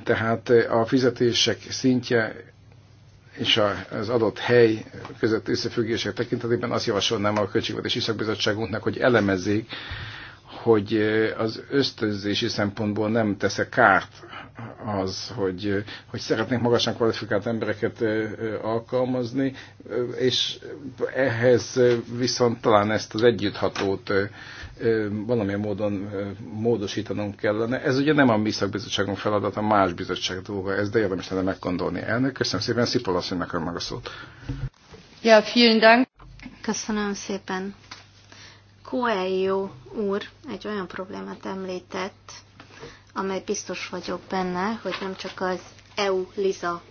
Tehát a fizetések szintje és az adott hely között összefüggések tekintetében azt javasolnám a Költségvetési Szakbizottságunknak, hogy elemezzék hogy az ösztönzési szempontból nem teszek kárt az, hogy, hogy szeretnék magasan kvalifikált embereket alkalmazni, és ehhez viszont talán ezt az együtthatót valamilyen módon módosítanunk kellene. Ez ugye nem a mi szakbizottságunk feladata, más bizottság dolga, ez de érdemes lenne meggondolni. Elnök, köszönöm szépen, Szipol asszonynak meg a szót. Ja, vielen Dank. Köszönöm szépen. Coelho úr egy olyan problémát említett, amely biztos vagyok benne, hogy nem csak az EU-LISA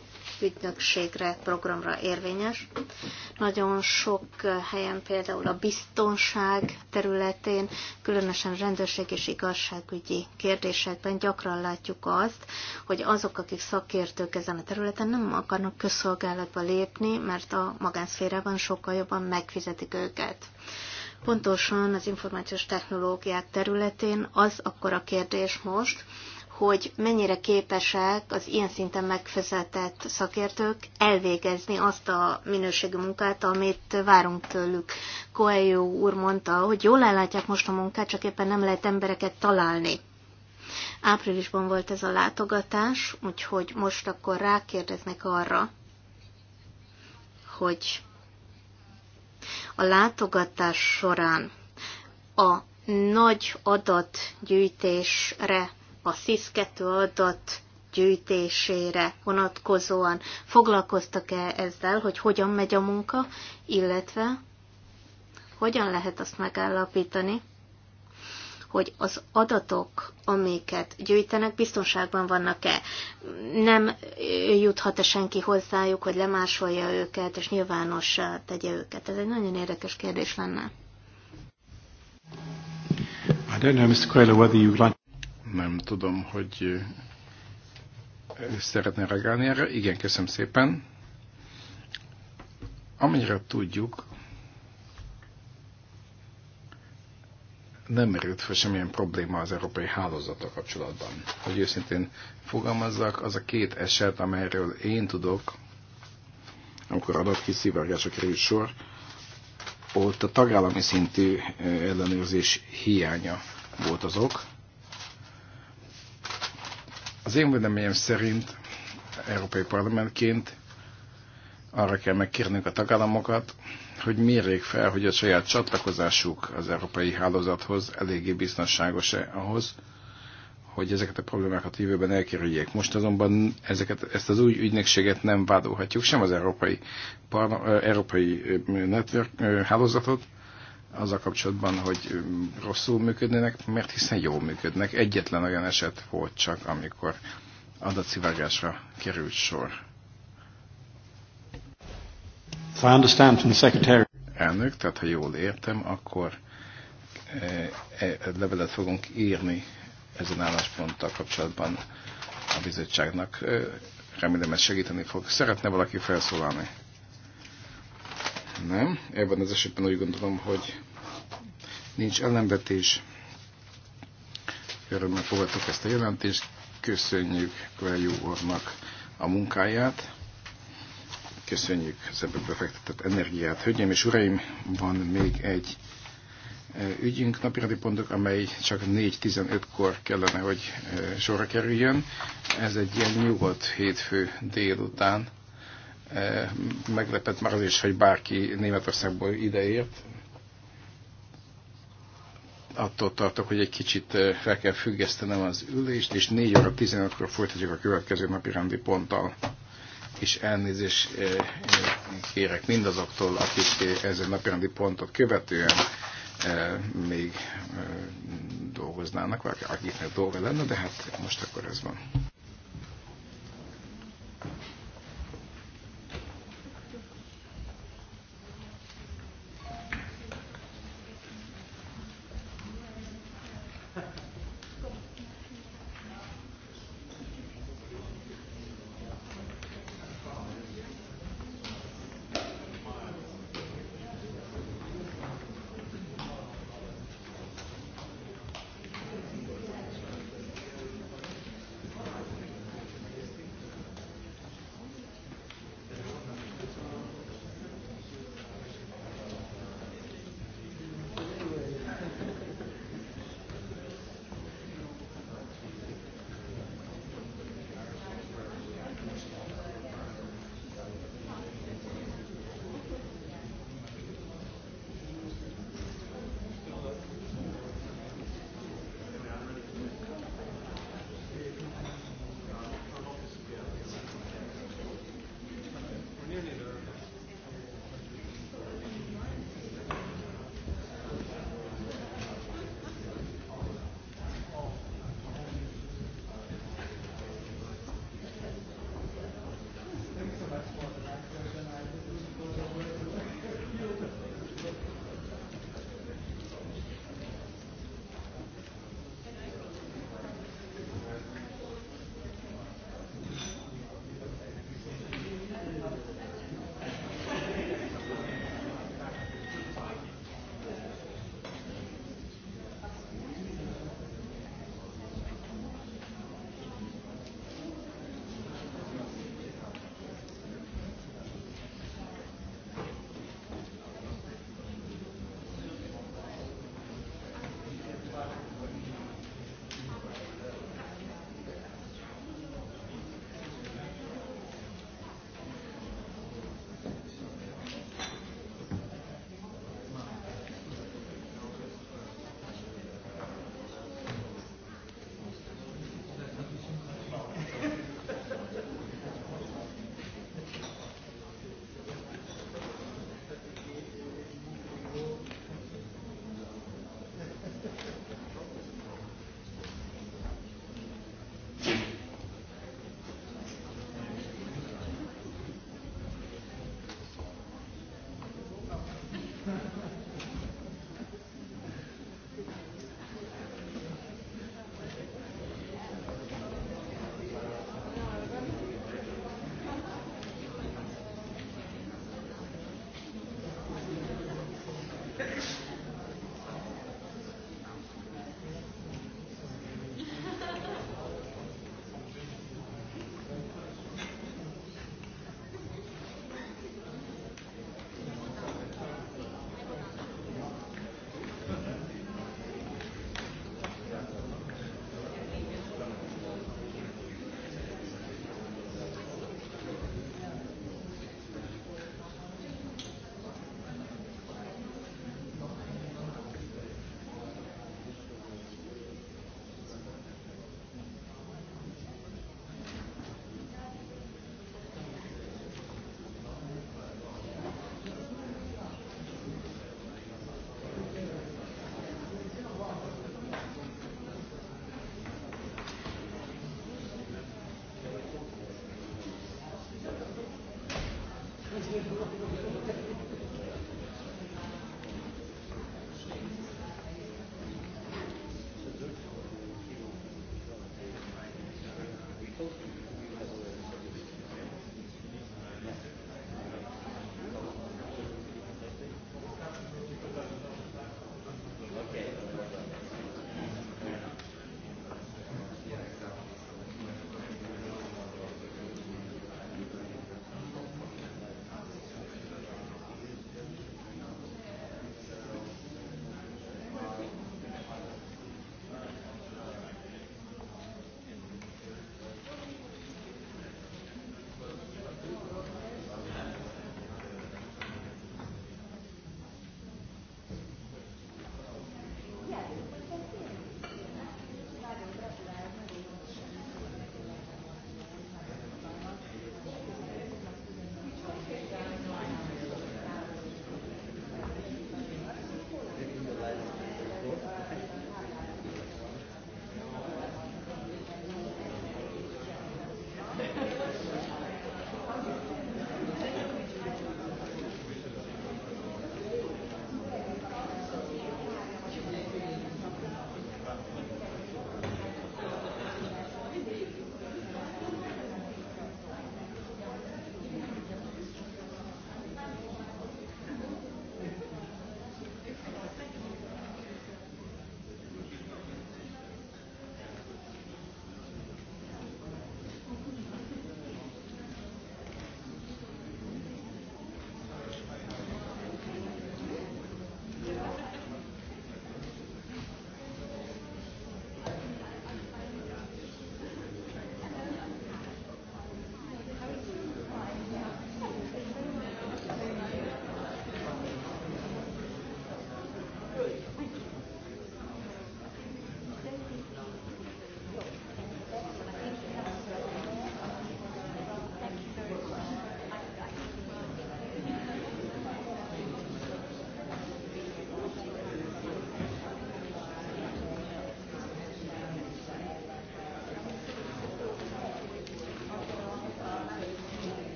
ügynökségre, programra érvényes. Nagyon sok helyen, például a biztonság területén, különösen rendőrség és igazságügyi kérdésekben gyakran látjuk azt, hogy azok, akik szakértők ezen a területen nem akarnak közszolgálatba lépni, mert a magánszférában sokkal jobban megfizetik őket. Pontosan az információs technológiák területén az akkor a kérdés most, hogy mennyire képesek az ilyen szinten megfizetett szakértők elvégezni azt a minőségű munkát, amit várunk tőlük. Coelho úr mondta, hogy jól ellátják most a munkát, csak éppen nem lehet embereket találni. Áprilisban volt ez a látogatás, úgyhogy most akkor rákérdeznek arra, hogy a látogatás során a nagy adatgyűjtésre, a SZISZ-2 adat gyűjtésére vonatkozóan foglalkoztak-e ezzel, hogy hogyan megy a munka, illetve hogyan lehet azt megállapítani, hogy az adatok, amiket gyűjtenek, biztonságban vannak-e. Nem juthat-e senki hozzájuk, hogy lemásolja őket, és nyilvánossá tegye őket. Ez egy nagyon érdekes kérdés lenne. I don't know, Mr. Coelho, whether you like... Nem tudom, hogy szeretne reagálni erre. Igen, köszönöm szépen. Amennyire tudjuk, nem merült fel semmilyen probléma az európai hálózattal kapcsolatban. Hogy őszintén fogalmazzak, az a két eset, amelyről én tudok, amikor adatkiszivargásra került sor, ott a tagállami szintű eh, ellenőrzés hiánya volt az ok. Az én véleményem szerint Európai Parlamentként arra kell megkérnünk a tagállamokat, hogy mérjék fel, hogy a saját csatlakozásuk az európai hálózathoz eléggé biztonságos-e ahhoz, hogy ezeket a problémákat jövőben elkerüljék. Most azonban ezeket, ezt az új ügynökséget nem vádolhatjuk, sem az európai, parla, európai network hálózatot, a kapcsolatban, hogy rosszul működnének, mert hiszen jól működnek. Egyetlen olyan eset volt csak, amikor adatszivárgásra került sor. If I understand from the secretary... Elnök, tehát ha jól értem, akkor eh, e, e, levelet fogunk írni ezen állásponttal kapcsolatban a bizottságnak. Eh, remélem ez segíteni fog. Szeretne valaki felszólalni? Nem. Ebben az esetben úgy gondolom, hogy nincs ellenvetés. Örömmel fogadtuk ezt a jelentést. Köszönjük Kvelyú úrnak a munkáját. Köszönjük az ebbe befektetett energiát. Hölgyeim és uraim, van még egy e, ügyünk, napirendi pontok, amely csak 4.15-kor kellene, hogy e, sorra kerüljön. Ez egy ilyen nyugodt hétfő délután. E, meglepett már az is, hogy bárki Németországból ideért. Attól tartok, hogy egy kicsit fel kell függesztenem az ülést, és 4 óra 15-kor folytatjuk a következő napi rendi ponttal és elnézést eh, eh, kérek mindazoktól, akik eh, ezen napirendi pontot követően még dolgoznának, akiknek dolga lenne, de hát most akkor ez van.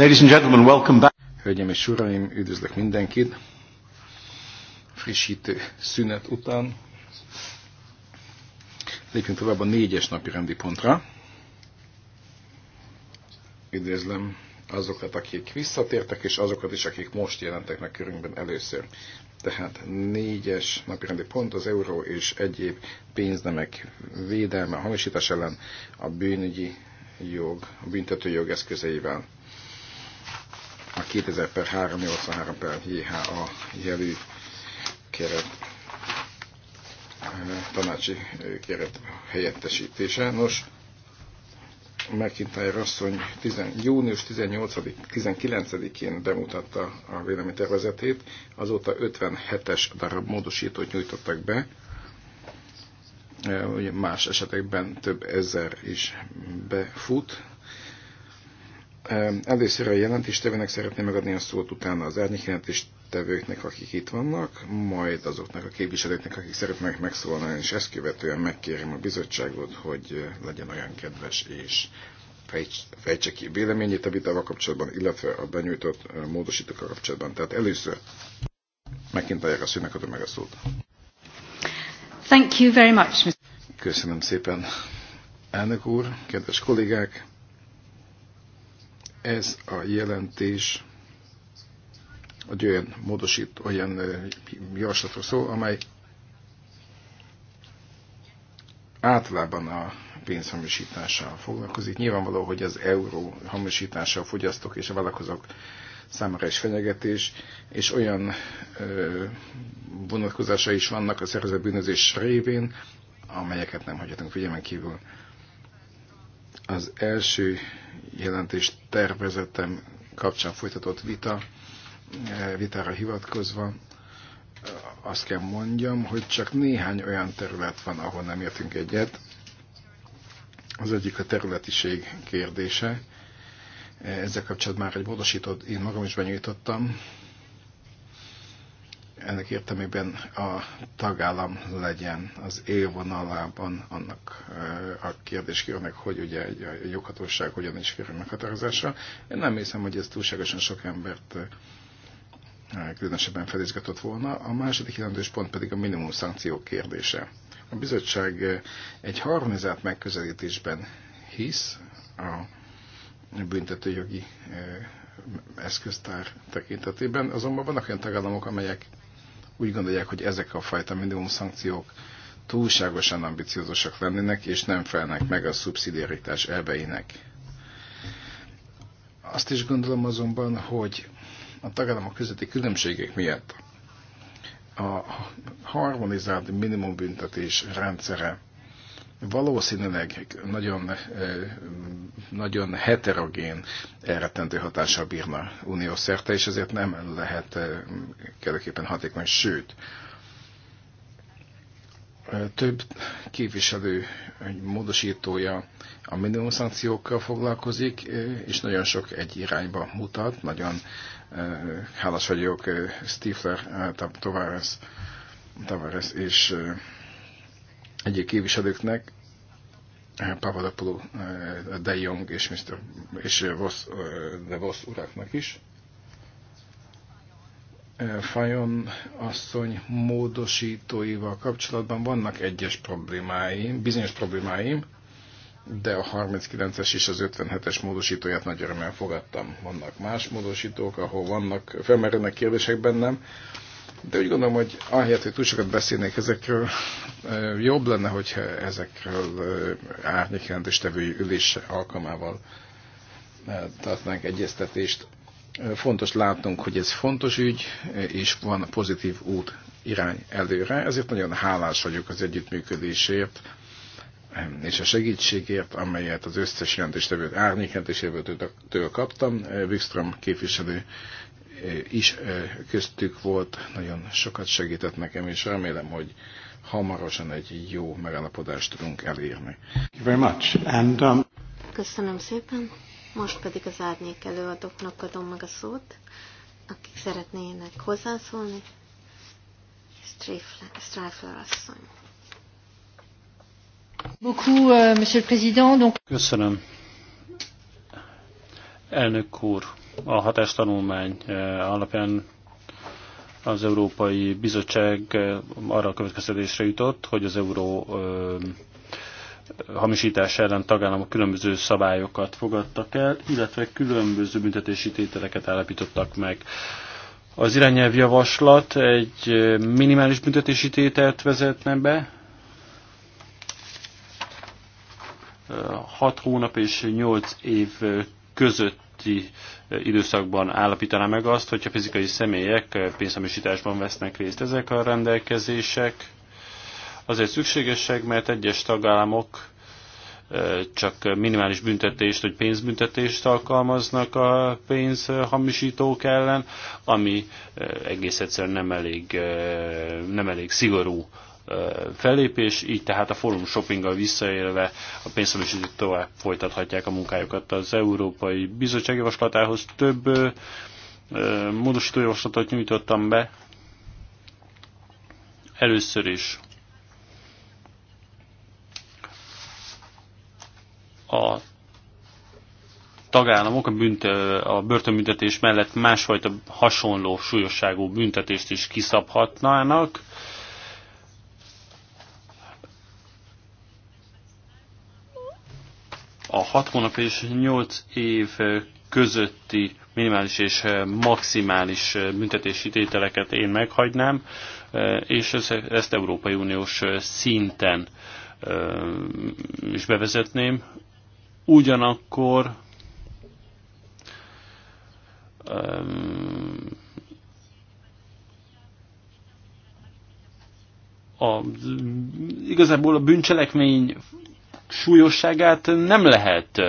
Ladies and gentlemen, welcome back. Hölgyeim és uraim, üdvözlök mindenkit. Frissítő szünet után. Lépjünk tovább a négyes napi rendi pontra. Üdvözlöm azokat, akik visszatértek, és azokat is, akik most jelentek meg körünkben először. Tehát négyes napirendi pont az euró és egyéb pénznemek védelme, a hamisítás ellen a bűnügyi jog, a büntetőjog eszközeivel. 2000 per 383 per JHA jelű keret eh, tanácsi eh, keret helyettesítése. Nos, McIntyre asszony 10, június 18-19-én bemutatta a véleménytervezetét, azóta 57-es darab módosítót nyújtottak be, eh, ugye más esetekben több ezer is befut, Először a jelentéstevőnek szeretném megadni a szót, utána az árnyék jelentéstevőknek, akik itt vannak, majd azoknak a képviselőknek, akik szeretnek megszólalni, és ezt követően megkérem a bizottságot, hogy eh, legyen olyan kedves és fejtse ki véleményét a vitával kapcsolatban, illetve a benyújtott eh, módosítókkal kapcsolatban. Tehát először megint a szűnnek, adom meg a szót. Thank you very much. Köszönöm szépen, elnök úr, kedves kollégák! Ez a jelentés egy olyan módosít, olyan javaslatról szól, amely általában a pénzhamisítással foglalkozik. Nyilvánvaló, hogy az euró hamisítása a fogyasztók és a vállalkozók számára is fenyegetés, és olyan ö, vonatkozása is vannak a szervezett bűnözés révén, amelyeket nem hagyhatunk figyelmen kívül. Az első jelentés tervezetem kapcsán folytatott vita, eh, vitára hivatkozva eh, azt kell mondjam, hogy csak néhány olyan terület van, ahol nem értünk egyet. Az egyik a területiség kérdése. Eh, ezzel kapcsolatban már egy módosított, én magam is benyújtottam, ennek értelmében a tagállam legyen az élvonalában annak eh, a kérdéskörnek, hogy ugye a joghatóság hogyan is kerül meghatározásra. Én nem hiszem, hogy ez túlságosan sok embert eh, különösebben felizgatott volna. A második jelentős pont pedig a minimum szankciók kérdése. A bizottság eh, egy harmonizált megközelítésben hisz a büntetőjogi eszköztár tekintetében. Azonban vannak olyan tagállamok, amelyek úgy gondolják, hogy ezek a fajta minimum szankciók túlságosan ambiciózusak lennének, és nem felnek meg a szubszidiaritás elveinek. Azt is gondolom azonban, hogy a tagállamok közötti különbségek miatt a harmonizált minimumbüntetés rendszere valószínűleg nagyon, eh, nagyon heterogén, elrettentő hatással bírna uniós szerte, és ezért nem lehet eh, kellőképpen hatékony, sőt, eh, több képviselő módosítója a minimum szankciókkal foglalkozik, és nagyon sok egy irányba mutat. Nagyon hálás vagyok Stifler Tavares, Tavares és egyik képviselőknek, Papadopoulou, eh, De Jong és, Mr. és Voss, eh, De Voss uraknak is. Eh, Fajon asszony módosítóival kapcsolatban vannak egyes problémáim, bizonyos problémáim, de a 39-es és az 57-es módosítóját nagy örömmel fogadtam. Vannak más módosítók, ahol vannak, felmerülnek kérdések bennem, de úgy gondolom, hogy ahelyett, hogy túl sokat beszélnék ezekről, jobb lenne, hogyha ezekről árnyékjelentéstevői ülés alkalmával tartnánk egyeztetést. Fontos látnunk, hogy ez fontos ügy, és van pozitív út irány előre, ezért nagyon hálás vagyok az együttműködésért és a segítségért, amelyet az összes jelentéstevőt, árnyékjelentéstevőtől kaptam. Wikström képviselő is köztük volt, nagyon sokat segített nekem, és remélem, hogy hamarosan egy jó megállapodást tudunk elérni. Very much. And, um... Köszönöm szépen. Most pedig az árnyék előadóknak adom meg a szót, akik szeretnének hozzászólni. Streifler asszony. Beaucoup, euh, Monsieur le Président. Donc... Köszönöm. Elnök úr, a tanulmány eh, alapján az Európai Bizottság eh, arra a következtetésre jutott, hogy az euró eh, hamisítás ellen tagállamok különböző szabályokat fogadtak el, illetve különböző büntetési tételeket állapítottak meg. Az irányelv javaslat egy minimális büntetési tételt vezetne be, 6 hónap és 8 év között előtti eh, időszakban állapítaná meg azt, hogyha fizikai személyek eh, pénzhamisításban vesznek részt. Ezek a rendelkezések azért szükségesek, mert egyes tagállamok eh, csak minimális büntetést vagy pénzbüntetést alkalmaznak a pénzhamisítók ellen, ami egész egyszerűen nem elég, nem elég szigorú fellépés, így tehát a forum shoppinggal visszaélve a pénzszabadítők tovább folytathatják a munkájukat. Az Európai Bizottság javaslatához több módosító javaslatot nyújtottam be. Először is a tagállamok a, bünt, a börtönbüntetés mellett másfajta hasonló súlyosságú büntetést is kiszabhatnának. 6 hónap és 8 év közötti minimális és maximális büntetési tételeket én meghagynám, és ezt Európai Uniós szinten is bevezetném. Ugyanakkor a, igazából a bűncselekmény súlyosságát nem lehet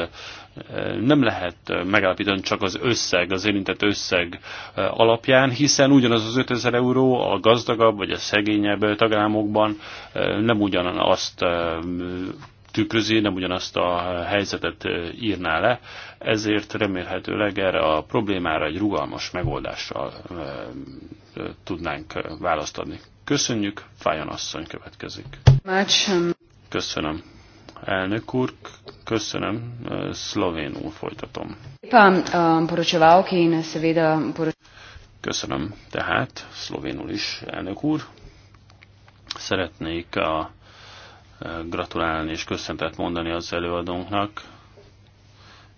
nem lehet megállapítani csak az összeg, az érintett összeg alapján, hiszen ugyanaz az 5000 euró a gazdagabb vagy a szegényebb tagállamokban nem ugyanazt tükrözi, nem ugyanazt a helyzetet írná le, ezért remélhetőleg erre a problémára egy rugalmas megoldással tudnánk választ adni. Köszönjük, Fájan asszony következik. Um, Köszönöm. Elnök úr, köszönöm, szlovénul folytatom. Um, köszönöm tehát, szlovénul is, elnök úr. Szeretnék a, e, gratulálni és köszöntet mondani az előadónknak,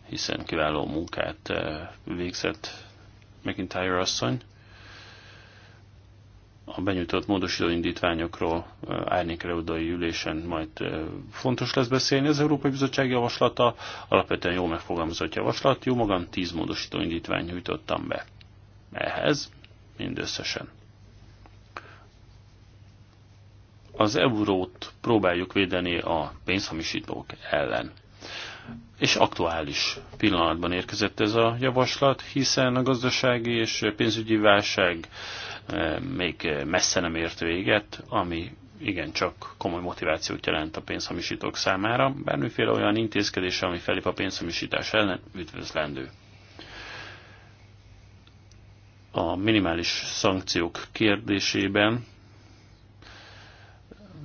hiszen kiváló munkát e, végzett McIntyre asszony a benyújtott módosító indítványokról eh, árnyékelődői ülésen majd eh, fontos lesz beszélni. Az Európai Bizottság javaslata alapvetően jól megfogalmazott javaslat. Jó magam tíz módosító indítvány nyújtottam be. Ehhez mindösszesen. Az eurót próbáljuk védeni a pénzhamisítók ellen. És aktuális pillanatban érkezett ez a javaslat, hiszen a gazdasági és pénzügyi válság még messze nem ért véget, ami igen csak komoly motivációt jelent a pénzhamisítók számára. Bármiféle olyan intézkedés, ami felép a pénzhamisítás ellen, üdvözlendő. A minimális szankciók kérdésében,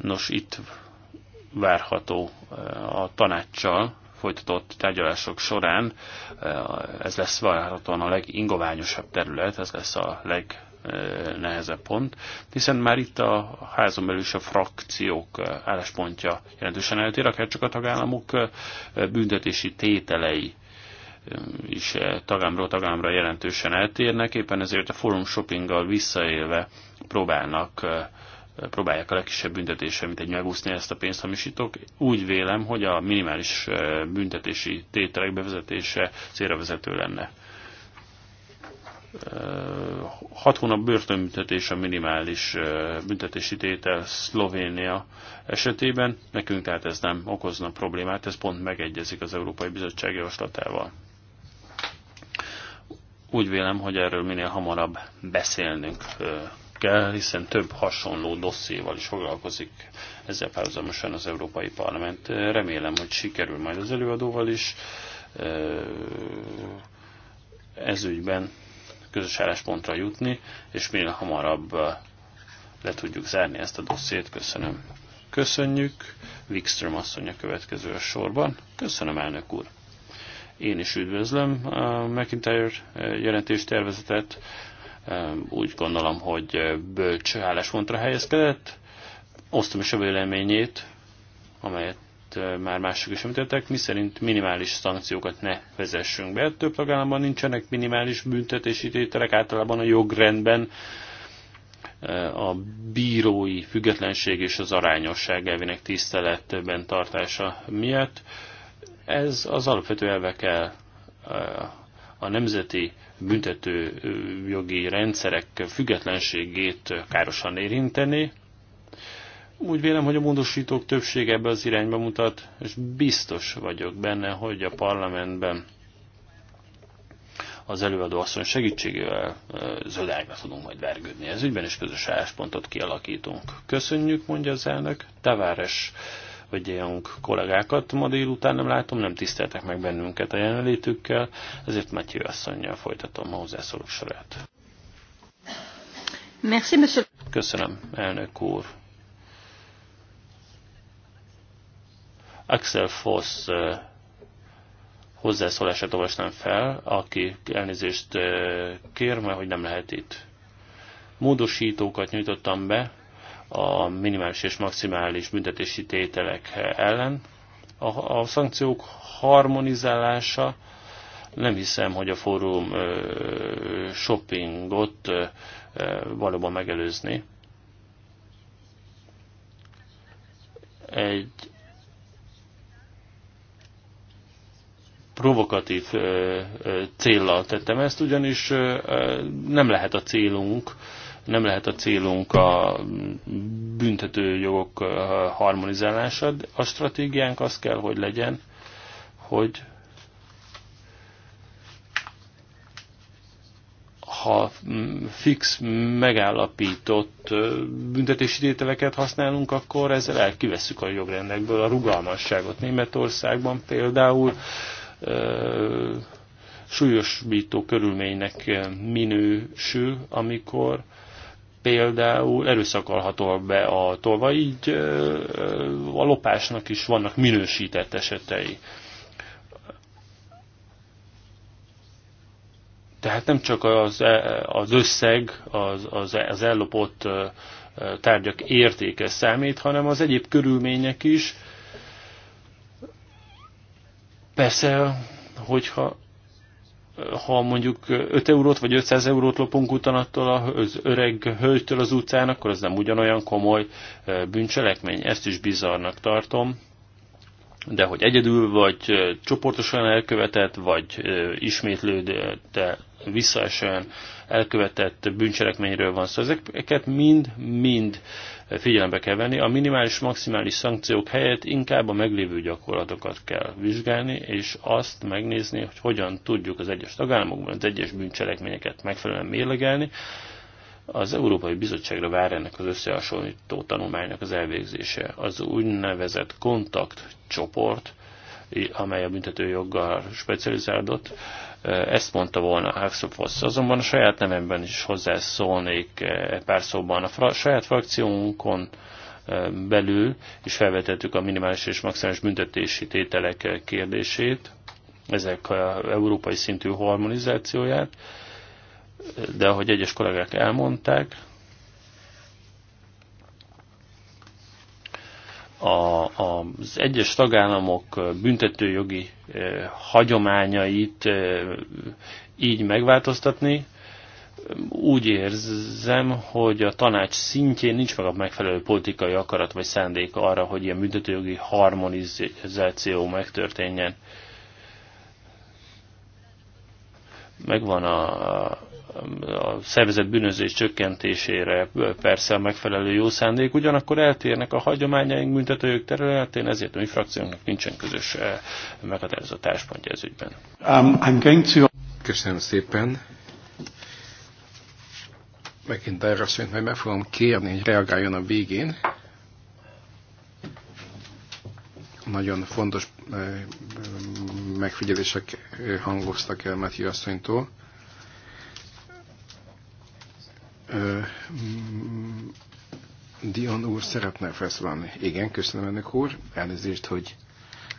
nos itt várható a tanácssal folytatott tárgyalások során, ez lesz várhatóan a legingoványosabb terület, ez lesz a leg nehezebb pont, hiszen már itt a házon belül is a frakciók álláspontja jelentősen eltér, akár csak a tagállamok büntetési tételei is tagámról tagámra jelentősen eltérnek, éppen ezért a forum shoppinggal visszaélve próbálnak próbálják a legkisebb büntetése, mint egy megúszni ezt a hamisítok. Úgy vélem, hogy a minimális büntetési tételek bevezetése célra vezető lenne hat hónap börtönbüntetés a minimális büntetési tétel Szlovénia esetében, nekünk tehát ez nem okozna problémát, ez pont megegyezik az Európai Bizottság javaslatával. Úgy vélem, hogy erről minél hamarabb beszélnünk kell, hiszen több hasonló dosszéval is foglalkozik ezzel párhuzamosan az Európai Parlament. Remélem, hogy sikerül majd az előadóval is ezügyben közös álláspontra jutni, és minél hamarabb le tudjuk zárni ezt a dossziét. Köszönöm. Köszönjük. Wikström asszony a következő a sorban. Köszönöm, elnök úr. Én is üdvözlöm a McIntyre jelentéstervezetet. Úgy gondolom, hogy bölcs álláspontra helyezkedett. Osztom is a véleményét, amelyet amit már mások is említettek, miszerint minimális szankciókat ne vezessünk be. Több tagállamban nincsenek minimális büntetési tételek, általában a jogrendben a bírói függetlenség és az arányosság elvének tiszteletben tartása miatt. Ez az alapvető elvekkel a nemzeti büntető jogi rendszerek függetlenségét károsan érinteni, úgy vélem, hogy a módosítók többsége ebbe az irányba mutat, és biztos vagyok benne, hogy a parlamentben az előadó asszony segítségével zödágra tudunk majd vergődni. Ez ügyben is közös álláspontot kialakítunk. Köszönjük, mondja az elnök. Taváres vagy ilyen kollégákat ma délután nem látom, nem tiszteltek meg bennünket a jelenlétükkel, ezért Matyő asszonynal folytatom a hozzászólók sorát. Köszönöm, elnök úr. Axel Foss hozzászólását olvasnám fel, aki elnézést kér, mert hogy nem lehet itt. Módosítókat nyújtottam be a minimális és maximális büntetési tételek ellen. A, a szankciók harmonizálása nem hiszem, hogy a fórum shoppingot valóban megelőzni. Egy provokatív céllal tettem ezt, ugyanis nem lehet a célunk, nem lehet a célunk a büntető jogok harmonizálása. A stratégiánk az kell, hogy legyen, hogy ha mm, fix megállapított büntetési tételeket használunk, akkor ezzel elkivesszük a jogrendekből a rugalmasságot. Németországban például súlyosbító körülménynek minősül, amikor például erőszakkal be a tolva, így a lopásnak is vannak minősített esetei. Tehát nem csak az, e, az összeg, az, az, az ellopott tárgyak értéke számít, hanem az egyéb körülmények is, Persze, hogyha ha mondjuk 5 eurót vagy 500 eurót lopunk utanattól az öreg hölgytől az utcán, akkor ez nem ugyanolyan komoly bűncselekmény. Ezt is bizarnak tartom. De hogy egyedül vagy csoportosan elkövetett, vagy de visszaesően elkövetett bűncselekményről van szó, szóval ezeket mind-mind figyelembe kell venni. A minimális maximális szankciók helyett inkább a meglévő gyakorlatokat kell vizsgálni, és azt megnézni, hogy hogyan tudjuk az egyes tagállamokban az egyes bűncselekményeket megfelelően mérlegelni. Az Európai Bizottságra vár ennek az összehasonlító tanulmánynak az elvégzése. Az úgynevezett kontaktcsoport, amely a büntetőjoggal specializálódott, ezt mondta volna Huxley Azonban a saját nevemben is hozzászólnék pár szóban. A fra saját frakciónkon belül is felvetettük a minimális és maximális büntetési tételek kérdését, ezek a európai szintű harmonizációját, de ahogy egyes kollégák elmondták, a, az egyes tagállamok büntetőjogi eh, hagyományait eh, így megváltoztatni, úgy érzem, hogy a tanács szintjén nincs meg a megfelelő politikai akarat vagy szándék arra, hogy ilyen büntetőjogi harmonizáció megtörténjen. Megvan a, a szervezet bűnözés csökkentésére persze a megfelelő jó szándék, ugyanakkor eltérnek a hagyományaink büntetőjük területén, ezért a mi frakciónknak nincsen közös meghatározott álláspontja ez ügyben. Um, I'm going to... Köszönöm szépen. Megint erre szerint majd meg fogom kérni, hogy reagáljon a végén. Nagyon fontos megfigyelések hangoztak el Matthew asszonytól Dion úr szeretne felszólalni. Igen, köszönöm ennek úr. Elnézést, hogy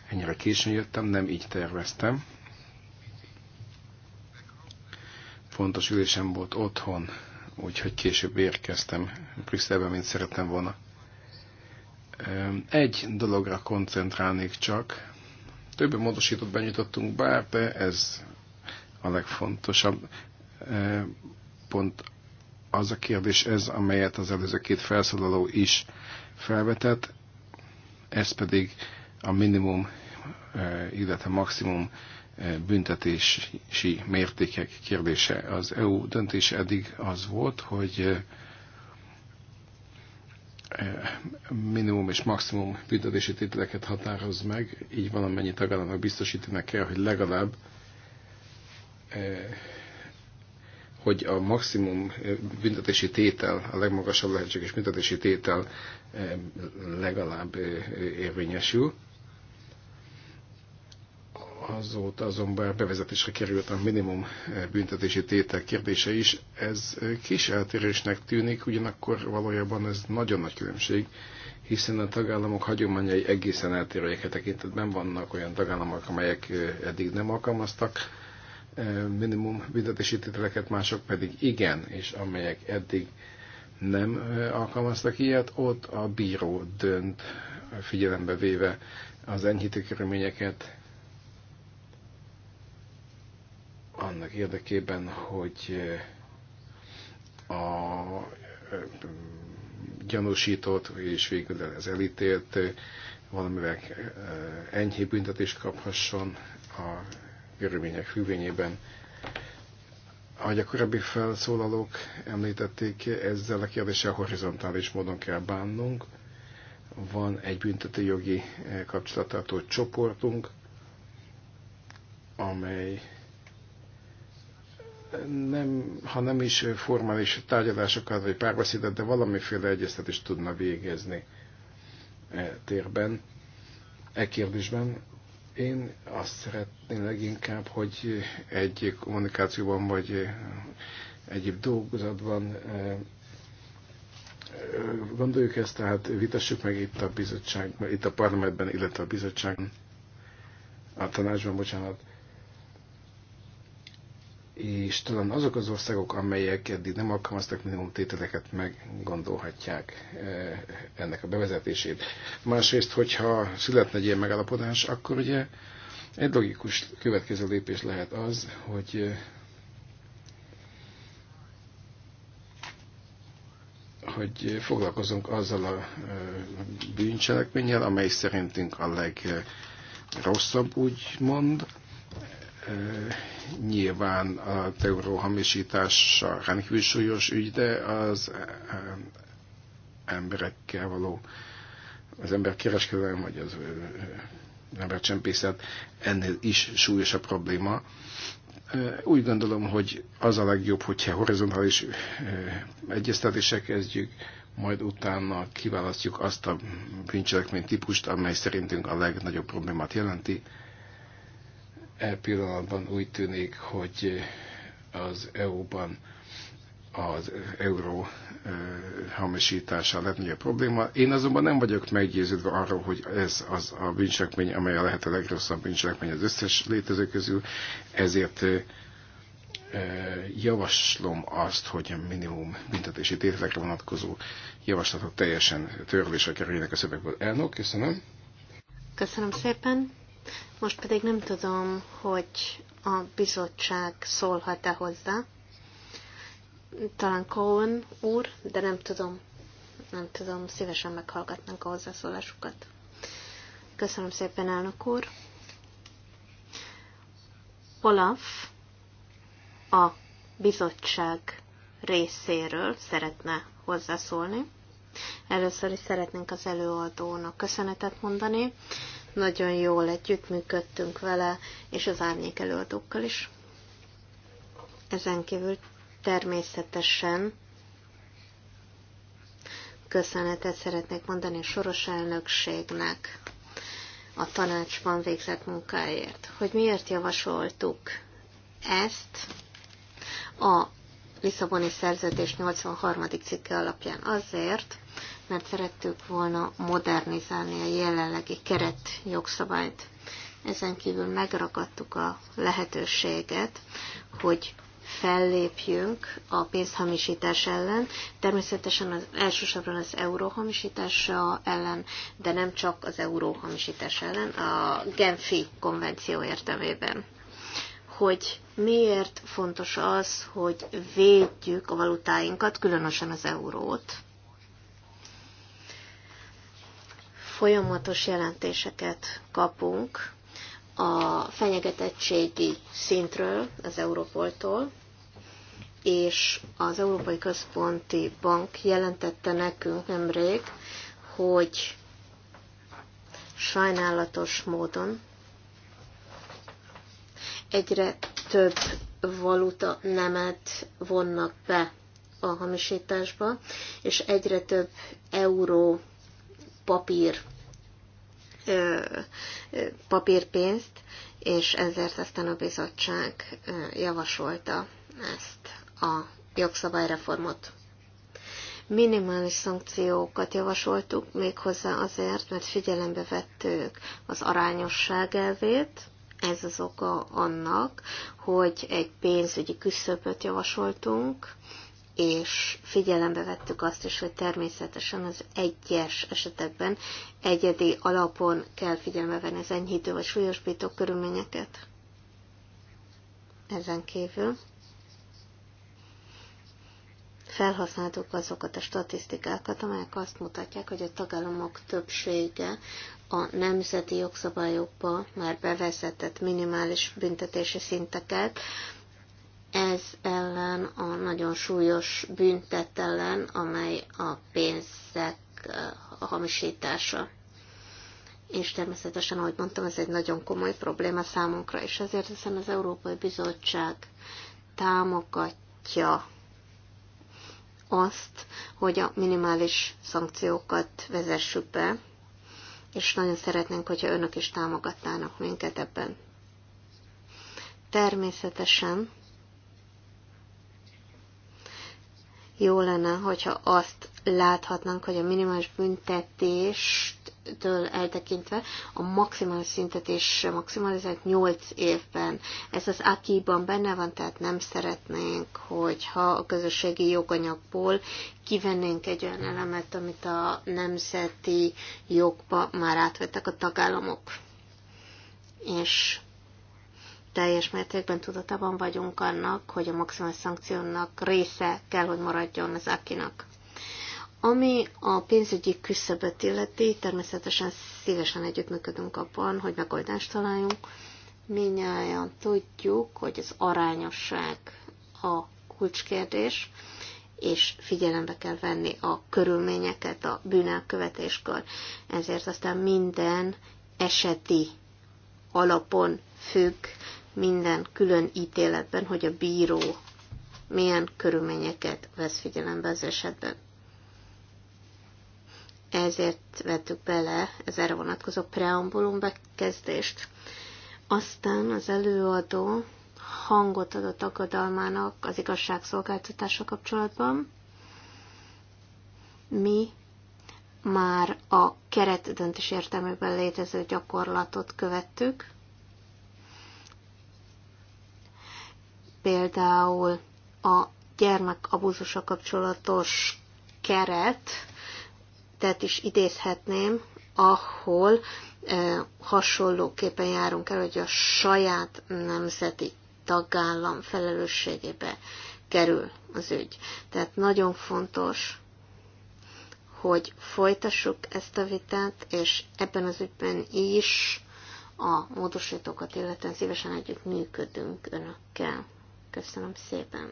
ennyire későn jöttem, nem így terveztem. Fontos ülésem volt otthon, úgyhogy később érkeztem Brüsszelbe, mint szerettem volna. Egy dologra koncentrálnék csak. Több módosított benyújtottunk bár, de ez a legfontosabb pont az a kérdés ez, amelyet az előző két felszólaló is felvetett, ez pedig a minimum, eh, illetve maximum eh, büntetési mértékek kérdése. Az EU döntése eddig az volt, hogy eh, minimum és maximum büntetési tételeket határoz meg, így valamennyi tagállamnak biztosítanak kell, hogy legalább hogy a maximum eh, büntetési tétel, a legmagasabb lehetséges büntetési tétel eh, legalább eh, érvényesül. Azóta azonban bevezetésre került a minimum büntetési tétel kérdése is. Ez kis eltérésnek tűnik, ugyanakkor valójában ez nagyon nagy különbség, hiszen a tagállamok hagyományai egészen eltérőek e tekintetben vannak olyan tagállamok, amelyek eddig nem alkalmaztak minimum büntetési tételeket, mások pedig igen, és amelyek eddig nem alkalmaztak ilyet, ott a bíró dönt figyelembe véve az enyhítő körülményeket annak érdekében, hogy a gyanúsított és végül az elítélt valamivel enyhébb büntetést kaphasson a körülmények függvényében. Ahogy a korábbi felszólalók említették, ezzel a kérdéssel horizontális módon kell bánnunk. Van egy büntetőjogi eh, kapcsolatartó csoportunk, amely nem, ha nem is formális tárgyalásokat vagy párbeszédet, de valamiféle egyeztetést tudna végezni e térben, e kérdésben. Én azt szeretném leginkább, hogy egy kommunikációban vagy egyéb dolgozatban eh, gondoljuk ezt, tehát vitassuk meg itt a bizottság, itt a parlamentben, illetve a bizottság, a tanácsban, bocsánat, és talán azok az országok, amelyek eddig nem alkalmaztak minimum tételeket, meggondolhatják eh, ennek a bevezetését. Másrészt, hogyha születne egy ilyen megállapodás, akkor ugye egy logikus következő lépés lehet az, hogy eh, hogy foglalkozunk azzal a eh, bűncselekménnyel, amely szerintünk a legrosszabb, úgymond, nyilván a teuró hamisítása rendkívül súlyos ügy, de az emberekkel való, az ember kereskedelem, vagy az embercsempészet ennél is súlyos a probléma. Úgy gondolom, hogy az a legjobb, hogyha horizontális egyeztetésre kezdjük, majd utána kiválasztjuk azt a bűncselekmény típust, amely szerintünk a legnagyobb problémát jelenti, e pillanatban úgy tűnik, hogy az EU-ban az euró e, hamisítása a legnagyobb probléma. Én azonban nem vagyok meggyőződve arról, hogy ez az a bűncselekmény, amely a lehető legrosszabb bűncselekmény az összes létező közül, ezért e, e, javaslom azt, hogy a minimum büntetési tételekre vonatkozó javaslatok teljesen törlésre kerüljenek a szövegből. Elnök, köszönöm. Köszönöm szépen. Most pedig nem tudom, hogy a bizottság szólhat-e hozzá. Talán Cohen úr, de nem tudom. Nem tudom, szívesen meghallgatnánk a hozzászólásukat. Köszönöm szépen, elnök úr. Olaf a bizottság részéről szeretne hozzászólni. Először is szeretnénk az előadónak köszönetet mondani nagyon jól együttműködtünk vele, és az árnyék előadókkal is. Ezen kívül természetesen köszönetet szeretnék mondani a soros elnökségnek a tanácsban végzett munkáért, hogy miért javasoltuk ezt a Lisszaboni Szerződés 83. cikke alapján. Azért, mert szerettük volna modernizálni a jelenlegi keret jogszabályt. Ezen kívül megragadtuk a lehetőséget, hogy fellépjünk a pénzhamisítás ellen, természetesen az, elsősorban az euróhamisítása ellen, de nem csak az euróhamisítás ellen, a Genfi konvenció értelmében. Hogy miért fontos az, hogy védjük a valutáinkat, különösen az eurót, Folyamatos jelentéseket kapunk a fenyegetettségi szintről, az Európoltól, és az Európai Központi Bank jelentette nekünk nemrég, hogy sajnálatos módon egyre több valuta nemet vonnak be a hamisításba, és egyre több euró papír papírpénzt, és ezért aztán a bizottság javasolta ezt a jogszabályreformot. Minimális szankciókat javasoltuk méghozzá azért, mert figyelembe vettük az arányosság elvét, ez az oka annak, hogy egy pénzügyi küszöböt javasoltunk, és figyelembe vettük azt is, hogy természetesen az egyes esetekben egyedi alapon kell figyelembe venni az enyhítő vagy súlyosbító körülményeket. Ezen kívül felhasználtuk azokat a statisztikákat, amelyek azt mutatják, hogy a tagállamok többsége a nemzeti jogszabályokba már bevezetett minimális büntetési szinteket, ez ellen a nagyon súlyos büntet ellen, amely a pénzek a eh, hamisítása. És természetesen, ahogy mondtam, ez egy nagyon komoly probléma számunkra, és ezért hiszen az Európai Bizottság támogatja azt, hogy a minimális szankciókat vezessük be, és nagyon szeretnénk, hogyha önök is támogatnának minket ebben. Természetesen jó lenne, hogyha azt láthatnánk, hogy a minimális büntetéstől eltekintve a maximális szintet is, maximalizált 8 évben. Ez az akiban benne van, tehát nem szeretnénk, hogyha a közösségi joganyagból kivennénk egy olyan elemet, amit a nemzeti jogba már átvettek a tagállamok. És teljes mértékben tudatában vagyunk annak, hogy a maximális szankciónak része kell, hogy maradjon az akinak. Ami a pénzügyi küszöböt illeti, természetesen szívesen együttműködünk abban, hogy megoldást találjunk. Minnyáján tudjuk, hogy az arányosság a kulcskérdés, és figyelembe kell venni a körülményeket a bűnelkövetéskor. Ezért aztán minden eseti alapon függ minden külön ítéletben, hogy a bíró milyen körülményeket vesz figyelembe az esetben. Ezért vettük bele az erre vonatkozó preambulum bekezdést. Aztán az előadó hangot adott aggodalmának az igazságszolgáltatása kapcsolatban. Mi már a keret döntés értelmében létező gyakorlatot követtük, például a gyermekabúzusa kapcsolatos keret, tehát is idézhetném, ahol e, hasonlóképpen járunk el, hogy a saját nemzeti tagállam felelősségébe kerül az ügy. Tehát nagyon fontos, hogy folytassuk ezt a vitát, és ebben az ügyben is a módosítókat illetően szívesen együtt működünk önökkel. Köszönöm szépen.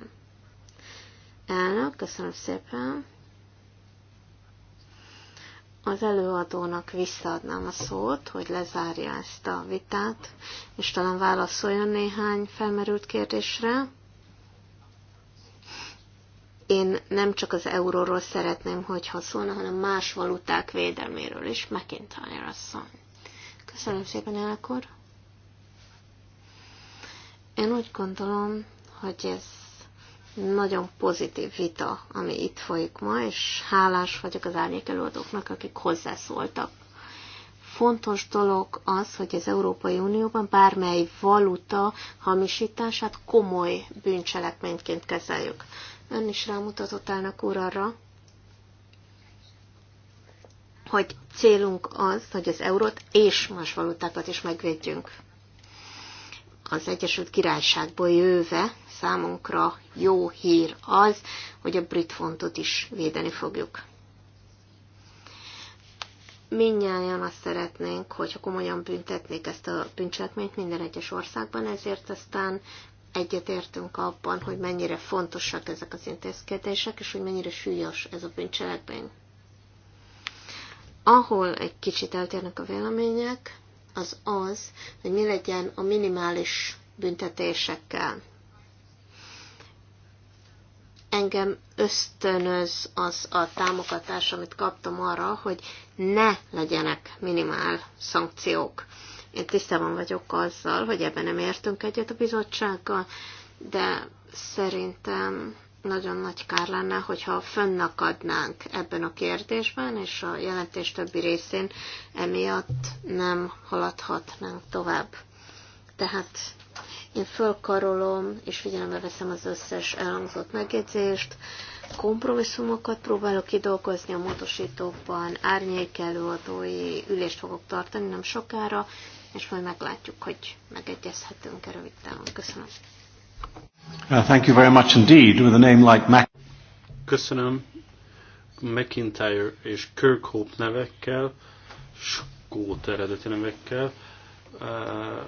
Elnök, köszönöm szépen. Az előadónak visszaadnám a szót, hogy lezárja ezt a vitát, és talán válaszoljon néhány felmerült kérdésre. Én nem csak az euróról szeretném, hogyha szólna, hanem más valuták védelméről is. McIntyre asszony. Köszönöm szépen, elnök úr. Én úgy gondolom, hogy ez nagyon pozitív vita, ami itt folyik ma, és hálás vagyok az árnyékelőadóknak, akik hozzászóltak. Fontos dolog az, hogy az Európai Unióban bármely valuta hamisítását komoly bűncselekményként kezeljük. Ön is rámutatott elnök úr arra, hogy célunk az, hogy az eurót és más valutákat is megvédjünk az Egyesült Királyságból jöve számunkra jó hír az, hogy a brit fontot is védeni fogjuk. Mindjárt azt szeretnénk, hogyha komolyan büntetnék ezt a bűncselekményt minden egyes országban, ezért aztán egyetértünk abban, hogy mennyire fontosak ezek az intézkedések, és hogy mennyire súlyos ez a bűncselekmény. Ahol egy kicsit eltérnek a vélemények, az az, hogy mi legyen a minimális büntetésekkel. Engem ösztönöz az a támogatás, amit kaptam arra, hogy ne legyenek minimál szankciók. Én tisztában vagyok azzal, hogy ebben nem értünk egyet a bizottsággal, de szerintem nagyon nagy kár lenne, hogyha fönnakadnánk ebben a kérdésben, és a jelentés többi részén emiatt nem haladhatnánk tovább. Tehát én fölkarolom, és figyelembe veszem az összes elhangzott megjegyzést, kompromisszumokat próbálok kidolgozni a módosítókban, árnyékelőadói ülést fogok tartani nem sokára, és majd meglátjuk, hogy megegyezhetünk-e rövid Köszönöm. Uh, thank you very much indeed. With a name like Mac Köszönöm. McIntyre és Kirkhope nevekkel, skót eredeti nevekkel. Uh,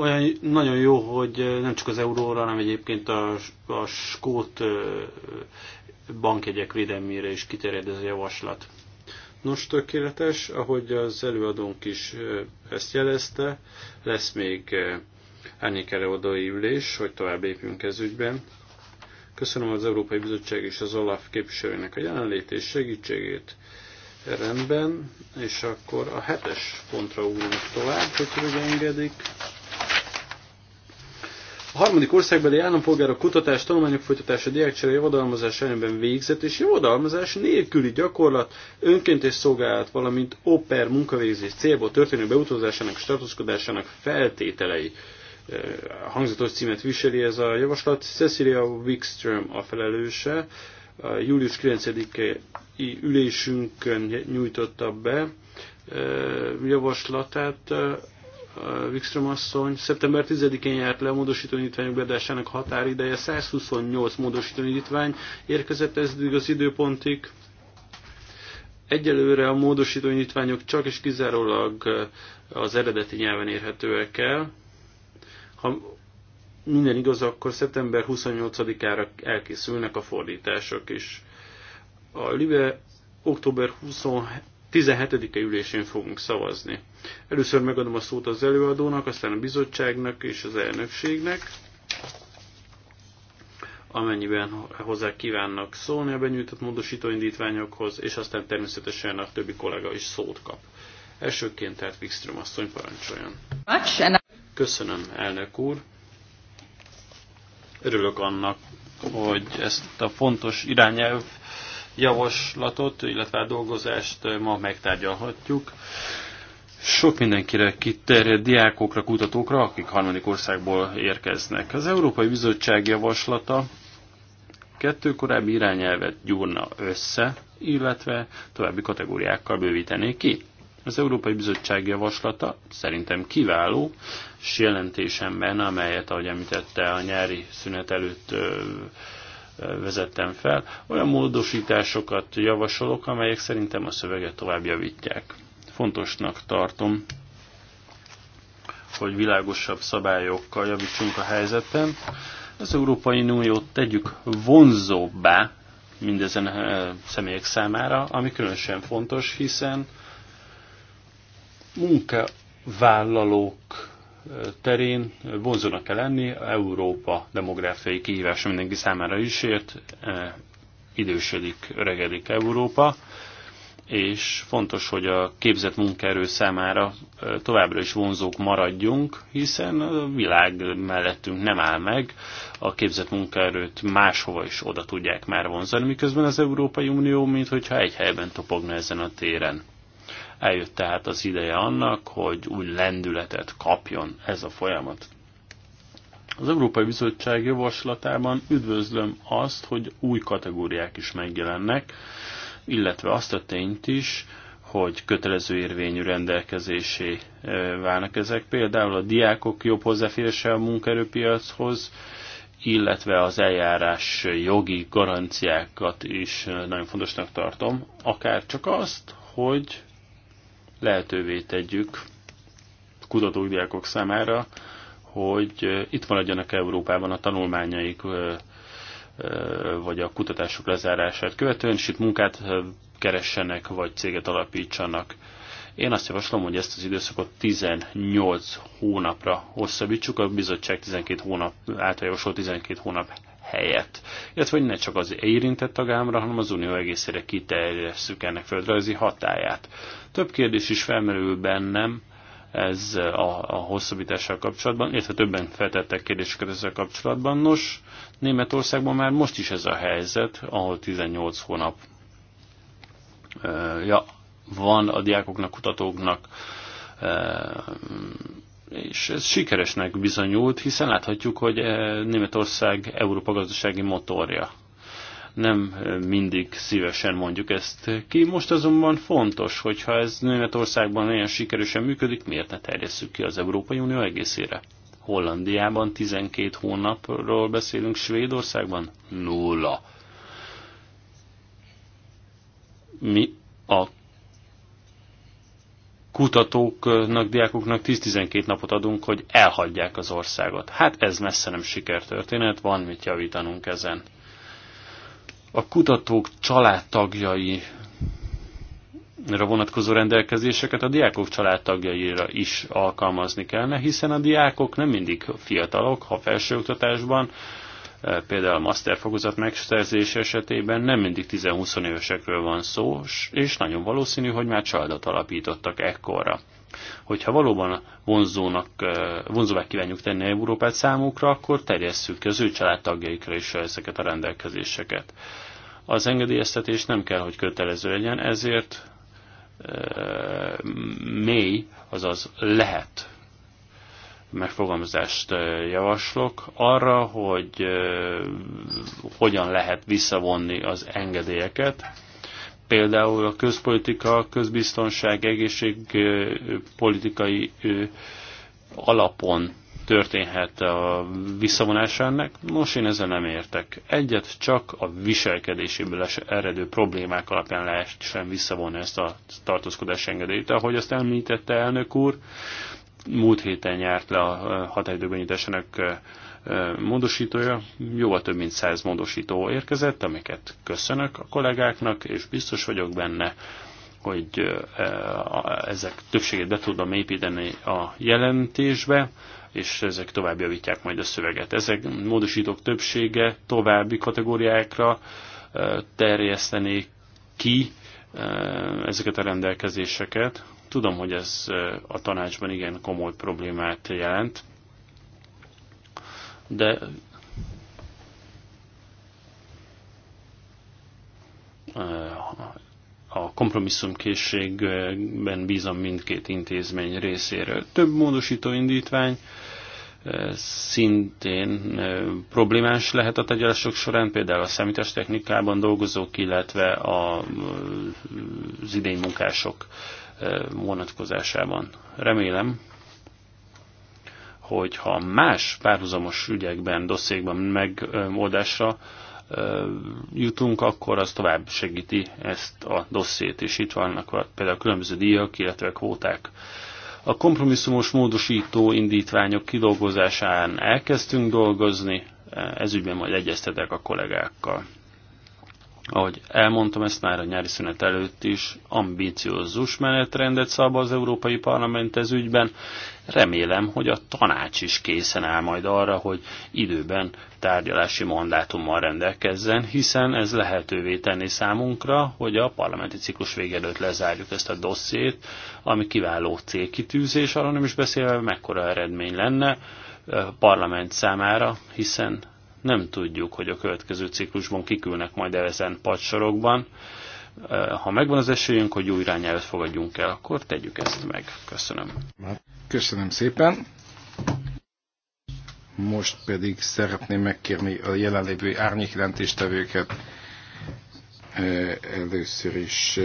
olyan nagyon jó, hogy nem csak az euróra, hanem egyébként a, a skót uh, bankjegyek védelmére is kiterjed ez a javaslat. Nos, tökéletes, ahogy az előadónk is ezt jelezte, lesz még árnyékelőadói ülés, hogy tovább lépjünk ez ügyben. Köszönöm az Európai Bizottság és az OLAF képviselőinek a jelenlét és segítségét. Rendben, és akkor a hetes pontra ugrunk tovább, hogy engedik. A harmadik országbeli állampolgárok kutatás, tanulmányok folytatása, diákcsere, javadalmazás ellenben végzett és javadalmazás nélküli gyakorlat, önként és szolgálat, valamint oper munkavégzés célból történő beutazásának, statuszkodásának feltételei. Eh, hangzatos címet viseli ez a javaslat. Cecilia Wikström a felelőse. A július 9-i ülésünkön nyújtotta be eh, javaslatát eh, Wikström asszony. Szeptember 10-én járt le a módosítóindítványok beadásának határideje. 128 módosítóindítvány érkezett ez az időpontig. Egyelőre a módosítóindítványok csak és kizárólag az eredeti nyelven érhetőek el. Ha minden igaz, akkor szeptember 28-ára elkészülnek a fordítások is. A Libe október 20 17-e ülésén fogunk szavazni. Először megadom a szót az előadónak, aztán a bizottságnak és az elnökségnek, amennyiben hozzá kívánnak szólni a benyújtott módosítóindítványokhoz, és aztán természetesen a többi kollega is szót kap. Elsőként tehát Wikström asszony parancsoljon. Köszönöm, elnök úr. Örülök annak, hogy ezt a fontos irányelv javaslatot, illetve a dolgozást ma megtárgyalhatjuk. Sok mindenkire kiterjed, diákokra, kutatókra, akik harmadik országból érkeznek. Az Európai Bizottság javaslata kettő korábbi irányelvet gyúrna össze, illetve további kategóriákkal bővítené ki. Az Európai Bizottság javaslata szerintem kiváló, jelentésemben, amelyet, ahogy említette, a nyári szünet előtt vezettem fel, olyan módosításokat javasolok, amelyek szerintem a szöveget tovább javítják. Fontosnak tartom, hogy világosabb szabályokkal javítsunk a helyzeten. Az Európai Uniót tegyük vonzóbbá mindezen személyek számára, ami különösen fontos, hiszen munkavállalók terén vonzónak kell lenni, Európa demográfiai kihívása mindenki számára is ért, e, idősödik, öregedik Európa, és fontos, hogy a képzett munkaerő számára e, továbbra is vonzók maradjunk, hiszen a világ mellettünk nem áll meg, a képzett munkaerőt máshova is oda tudják már vonzani, miközben az Európai Unió, hogyha egy helyben topogna ezen a téren. Eljött tehát az ideje annak, hogy új lendületet kapjon ez a folyamat. Az Európai Bizottság javaslatában üdvözlöm azt, hogy új kategóriák is megjelennek, illetve azt a tényt is, hogy kötelező érvényű rendelkezésé e, válnak ezek. Például a diákok jobb hozzáférése a munkaerőpiachoz, illetve az eljárás jogi garanciákat is e, nagyon fontosnak tartom. Akár csak azt, hogy lehetővé tegyük kutatódiákok számára, hogy itt maradjanak Európában a tanulmányaik vagy a kutatások lezárását követően, és itt munkát keressenek, vagy céget alapítsanak. Én azt javaslom, hogy ezt az időszakot 18 hónapra hosszabbítsuk, a bizottság 12 hónap, általában 12 hónap helyett. Illetve, hogy ne csak az érintett tagámra, hanem az unió egészére kiterjesszük ennek földrajzi hatáját. Több kérdés is felmerül bennem, ez a, a hosszabbítással kapcsolatban, illetve többen feltettek kérdéseket ezzel kapcsolatban. Nos, Németországban már most is ez a helyzet, ahol 18 hónap ja, van a diákoknak, kutatóknak és ez sikeresnek bizonyult, hiszen láthatjuk, hogy eh, Németország Európa gazdasági motorja. Nem eh, mindig szívesen mondjuk ezt ki, most azonban fontos, hogyha ez Németországban olyan sikeresen működik, miért ne terjesszük ki az Európai Unió egészére? Hollandiában 12 hónapról beszélünk, Svédországban nulla. Mi a kutatóknak, diákoknak 10-12 napot adunk, hogy elhagyják az országot. Hát ez messze nem sikertörténet, van mit javítanunk ezen. A kutatók családtagjai vonatkozó rendelkezéseket a diákok családtagjaira is alkalmazni kellene, hiszen a diákok nem mindig fiatalok, ha felsőoktatásban, Eh, például a master fokozat megszerzés esetében nem mindig 10-20 évesekről van szó, és nagyon valószínű, hogy már családot alapítottak ekkorra. Hogyha valóban vonzónak, eh, vonzóvá kívánjuk tenni Európát számukra, akkor terjesszük ki az ő családtagjaikra is ezeket a rendelkezéseket. Az engedélyeztetés nem kell, hogy kötelező legyen, ezért e, mély, azaz lehet megfogalmazást javaslok arra, hogy hogyan lehet visszavonni az engedélyeket. Például a közpolitika, közbiztonság, egészségpolitikai alapon történhet a visszavonás ennek. Most én ezzel nem értek. Egyet csak a viselkedéséből eredő problémák alapján lehet sem visszavonni ezt a tartózkodás engedélyt. Ahogy azt említette elnök úr, múlt héten járt le a határidőben módosítója, jóval több mint száz módosító érkezett, amiket köszönök a kollégáknak, és biztos vagyok benne, hogy ezek többségét be tudom építeni a jelentésbe, és ezek tovább javítják majd a szöveget. Ezek módosítók többsége további kategóriákra terjesztenék ki ezeket a rendelkezéseket, Tudom, hogy ez a tanácsban igen komoly problémát jelent, de a kompromisszumkészségben bízom mindkét intézmény részéről. Több módosító indítvány szintén problémás lehet a tegyelesok során, például a számítástechnikában dolgozók, illetve az idénymunkások vonatkozásában. Remélem, hogy ha más párhuzamos ügyekben, dosszékban megoldásra jutunk, akkor az tovább segíti ezt a dosszét, és itt vannak például különböző díjak, illetve kvóták. A kompromisszumos módosító indítványok kidolgozásán elkezdtünk dolgozni, ezügyben majd egyeztetek a kollégákkal. Ahogy elmondtam ezt már a nyári szünet előtt is, ambíciózus menetrendet szab az Európai Parlament ez ügyben. Remélem, hogy a tanács is készen áll majd arra, hogy időben tárgyalási mandátummal rendelkezzen, hiszen ez lehetővé tenni számunkra, hogy a parlamenti ciklus vége előtt lezárjuk ezt a dossziét, ami kiváló célkitűzés, arra nem is beszélve, mekkora eredmény lenne eh, parlament számára, hiszen nem tudjuk, hogy a következő ciklusban kikülnek majd el ezen padsorokban. Ha megvan az esélyünk, hogy új irányelvet fogadjunk el, akkor tegyük ezt meg. Köszönöm. Köszönöm szépen. Most pedig szeretném megkérni a jelenlévő árnyékjelentéstevőket. Először is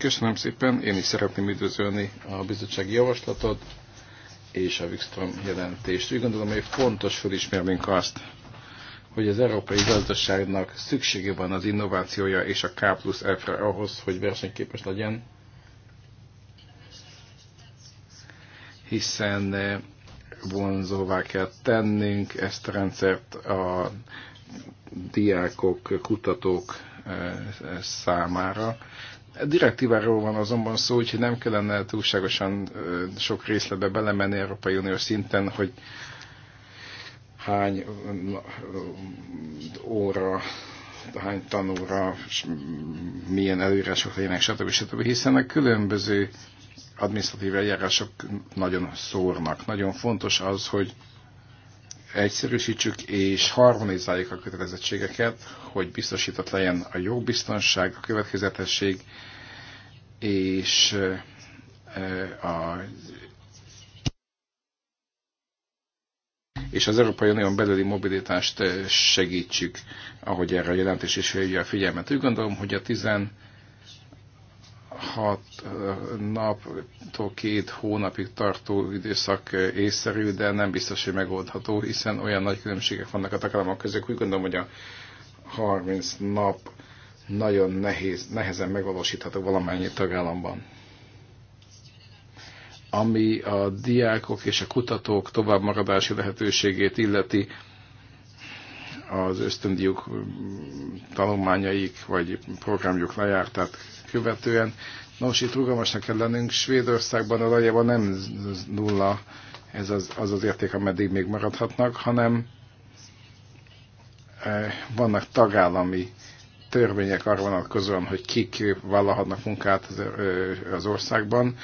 köszönöm szépen. Én is szeretném üdvözölni a bizottsági javaslatot és a Wikström jelentést. Úgy gondolom, hogy fontos felismernünk azt, hogy az európai gazdaságnak szüksége van az innovációja és a K plusz f ahhoz, hogy versenyképes legyen, hiszen eh, vonzóvá kell tennünk ezt a rendszert a diákok, kutatók eh, számára, Direktíváról van azonban szó, úgyhogy nem kellene túlságosan sok részletbe belemenni Európai Uniós szinten, hogy hány óra, hány tanóra, milyen előírások legyenek, stb. stb. Hiszen a különböző administratív eljárások nagyon szórnak. Nagyon fontos az, hogy egyszerűsítsük és harmonizáljuk a kötelezettségeket, hogy biztosított legyen a jogbiztonság, a következetesség és eh, a és az Európai Unión belüli mobilitást eh, segítsük, ahogy erre a jelentés is hívja a figyelmet. Úgy gondolom, hogy a tizen hat naptól két hónapig tartó időszak észszerű, de nem biztos, hogy megoldható, hiszen olyan nagy különbségek vannak a tagállamok között. Úgy gondolom, hogy a 30 nap nagyon nehéz, nehezen megvalósítható valamennyi tagállamban. Ami a diákok és a kutatók továbbmaradási lehetőségét illeti, az ösztöndiuk mm, tanulmányaik vagy programjuk lejártát követően. Nos, itt rugalmasnak kell lennünk. Svédországban valójában nem nulla ez az, az az érték, ameddig még maradhatnak, hanem eh, vannak tagállami törvények arra vonatkozóan, hogy kik vállalhatnak munkát az eh, országban,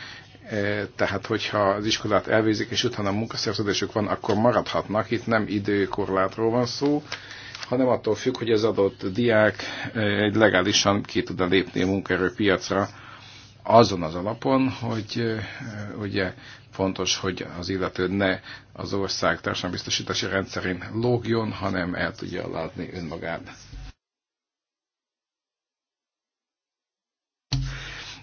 eh, tehát hogyha az iskolát elvégzik, és utána munkaszerződésük van, akkor maradhatnak. Itt nem időkorlátról van szó, hanem attól függ, hogy az adott diák eh, legálisan ki tudna lépni a munkaerőpiacra azon az alapon, hogy eh, ugye fontos, hogy az illető ne az ország társadalombiztosítási rendszerén lógjon, hanem el tudja látni önmagát.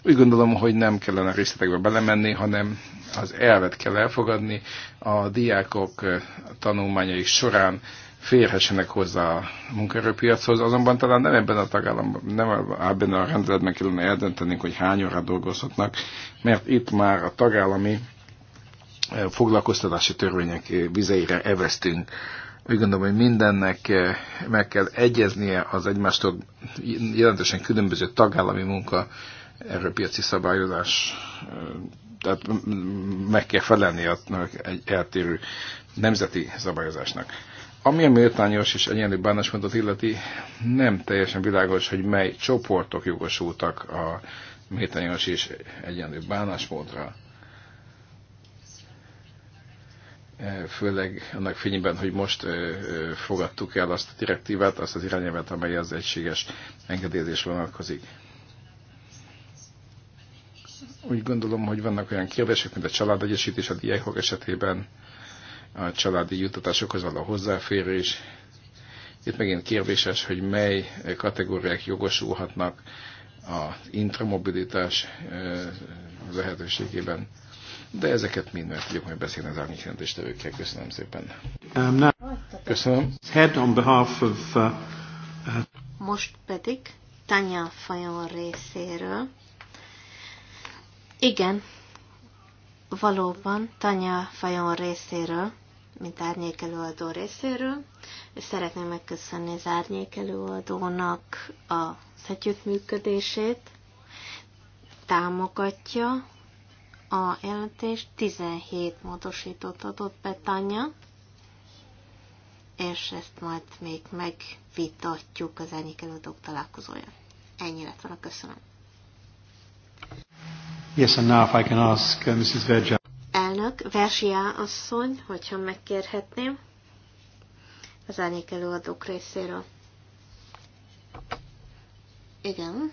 Úgy gondolom, hogy nem kellene részletekbe belemenni, hanem az elvet kell elfogadni. A diákok eh, tanulmányai során férhessenek hozzá a munkaerőpiachoz, azonban talán nem ebben a tagállamban, nem ebben a rendeletben kellene eldönteni, hogy hány órát dolgozhatnak, mert itt már a tagállami eh, foglalkoztatási törvények eh, vizeire eveztünk. Úgy gondolom, hogy mindennek eh, meg kell egyeznie az egymástól jelentősen különböző tagállami munka erőpiaci szabályozás, tehát meg kell felelni a eltérő nemzeti szabályozásnak. Ami a méltányos és egyenlő bánásmódot illeti, nem teljesen világos, hogy mely csoportok jogosultak a méltányos és egyenlő bánásmódra. E, főleg annak fényében, hogy most e, e, fogadtuk el azt a direktívát, azt az irányelvet, amely az egységes engedélyezés vonatkozik úgy gondolom, hogy vannak olyan kérdések, mint a családegyesítés a diákok esetében, a családi juttatásokhoz való hozzáférés. Itt megint kérdéses, hogy mely kategóriák jogosulhatnak az intramobilitás lehetőségében, de ezeket mind meg tudjuk majd beszélni az árnyékjelentéstevőkkel. Köszönöm szépen. Um, Köszönöm. Head on behalf of, uh, uh, Most pedig Tanya Fajon részéről. Igen, valóban Tanya Fajon részéről mint árnyékelőadó részéről, és szeretném megköszönni az árnyékelőadónak az együttműködését. Támogatja a jelentést, 17 módosítót adott Betanya, és ezt majd még megvitatjuk az árnyékelőadók találkozóján. Ennyi lett volna, köszönöm. Yes, and now if I can ask uh, Mrs. Vergia elnök, Versia asszony, hogyha megkérhetném, az árnyék előadók részéről. Igen.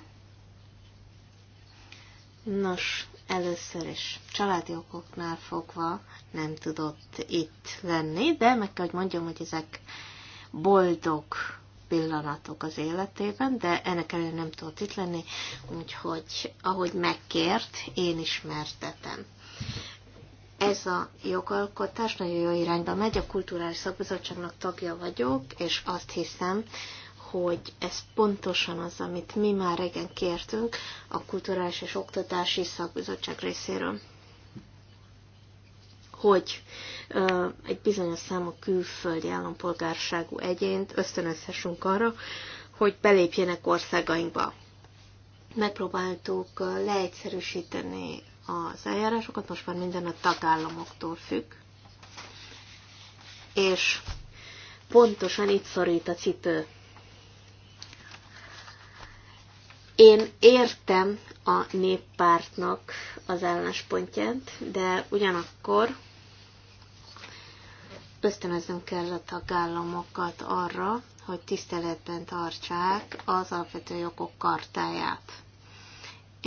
Nos, először is családi okoknál fogva nem tudott itt lenni, de meg kell, hogy mondjam, hogy ezek boldog pillanatok az életében, de ennek ellenére nem tudott itt lenni, úgyhogy ahogy megkért, én ismertetem ez a jogalkotás nagyon jó irányba megy, a kulturális szakbizottságnak tagja vagyok, és azt hiszem, hogy ez pontosan az, amit mi már regen kértünk a Kulturális és Oktatási Szakbizottság részéről. Hogy ö, egy bizonyos számú külföldi állampolgárságú egyént ösztönözhessünk arra, hogy belépjenek országainkba. Megpróbáltuk leegyszerűsíteni az eljárásokat, most már minden a tagállamoktól függ. És pontosan itt szorít a cipő. Én értem a néppártnak az álláspontját, de ugyanakkor ösztönöznöm kell a tagállamokat arra, hogy tiszteletben tartsák az alapvető jogok kartáját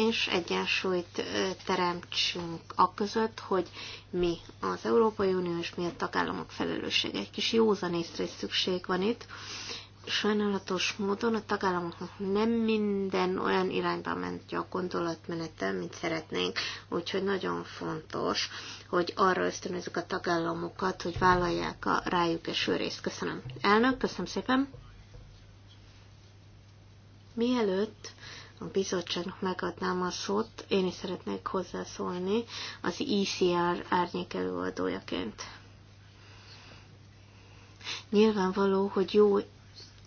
és egyensúlyt teremtsünk a között, hogy mi az Európai Unió és mi a tagállamok felelőssége. Egy kis észre is szükség van itt. Sajnálatos módon a tagállamoknak nem minden olyan irányba mentje a gondolatmenetel, mint szeretnénk, úgyhogy nagyon fontos, hogy arra ösztönözzük a tagállamokat, hogy vállalják a rájuk eső részt. Köszönöm. Elnök, köszönöm szépen. Mielőtt a bizottságnak megadnám a szót, én is szeretnék hozzászólni az ICR e árnyék előadójaként. Nyilvánvaló, hogy jó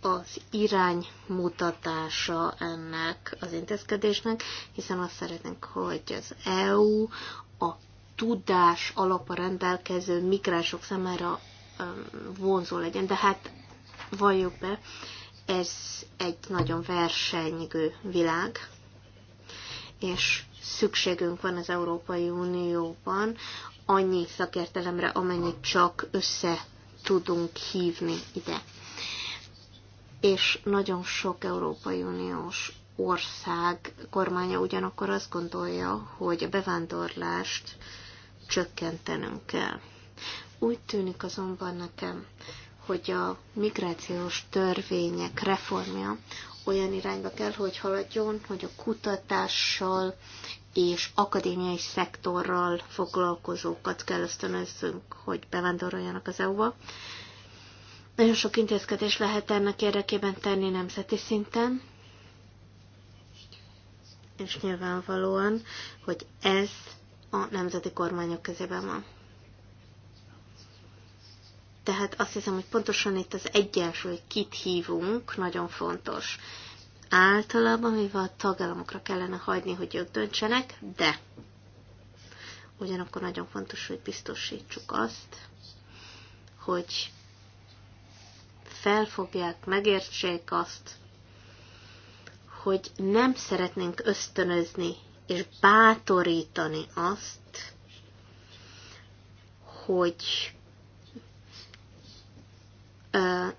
az iránymutatása ennek az intézkedésnek, hiszen azt szeretnénk, hogy az EU a tudás alapa rendelkező migránsok számára vonzó legyen. De hát valljuk be, ez egy nagyon versenygő világ, és szükségünk van az Európai Unióban annyi szakértelemre, amennyit csak össze tudunk hívni ide. És nagyon sok Európai Uniós ország kormánya ugyanakkor azt gondolja, hogy a bevándorlást csökkentenünk kell. Úgy tűnik azonban nekem, hogy a migrációs törvények reformja olyan irányba kell, hogy haladjon, hogy a kutatással és akadémiai szektorral foglalkozókat kell ösztönözzünk, hogy bevándoroljanak az EU-ba. Nagyon sok intézkedés lehet ennek érdekében tenni nemzeti szinten, és nyilvánvalóan, hogy ez a nemzeti kormányok kezében van. Tehát azt hiszem, hogy pontosan itt az egyensúly, kit hívunk, nagyon fontos. Általában, mivel a tagállamokra kellene hagyni, hogy ők döntsenek, de ugyanakkor nagyon fontos, hogy biztosítsuk azt, hogy felfogják, megértsék azt, hogy nem szeretnénk ösztönözni és bátorítani azt, hogy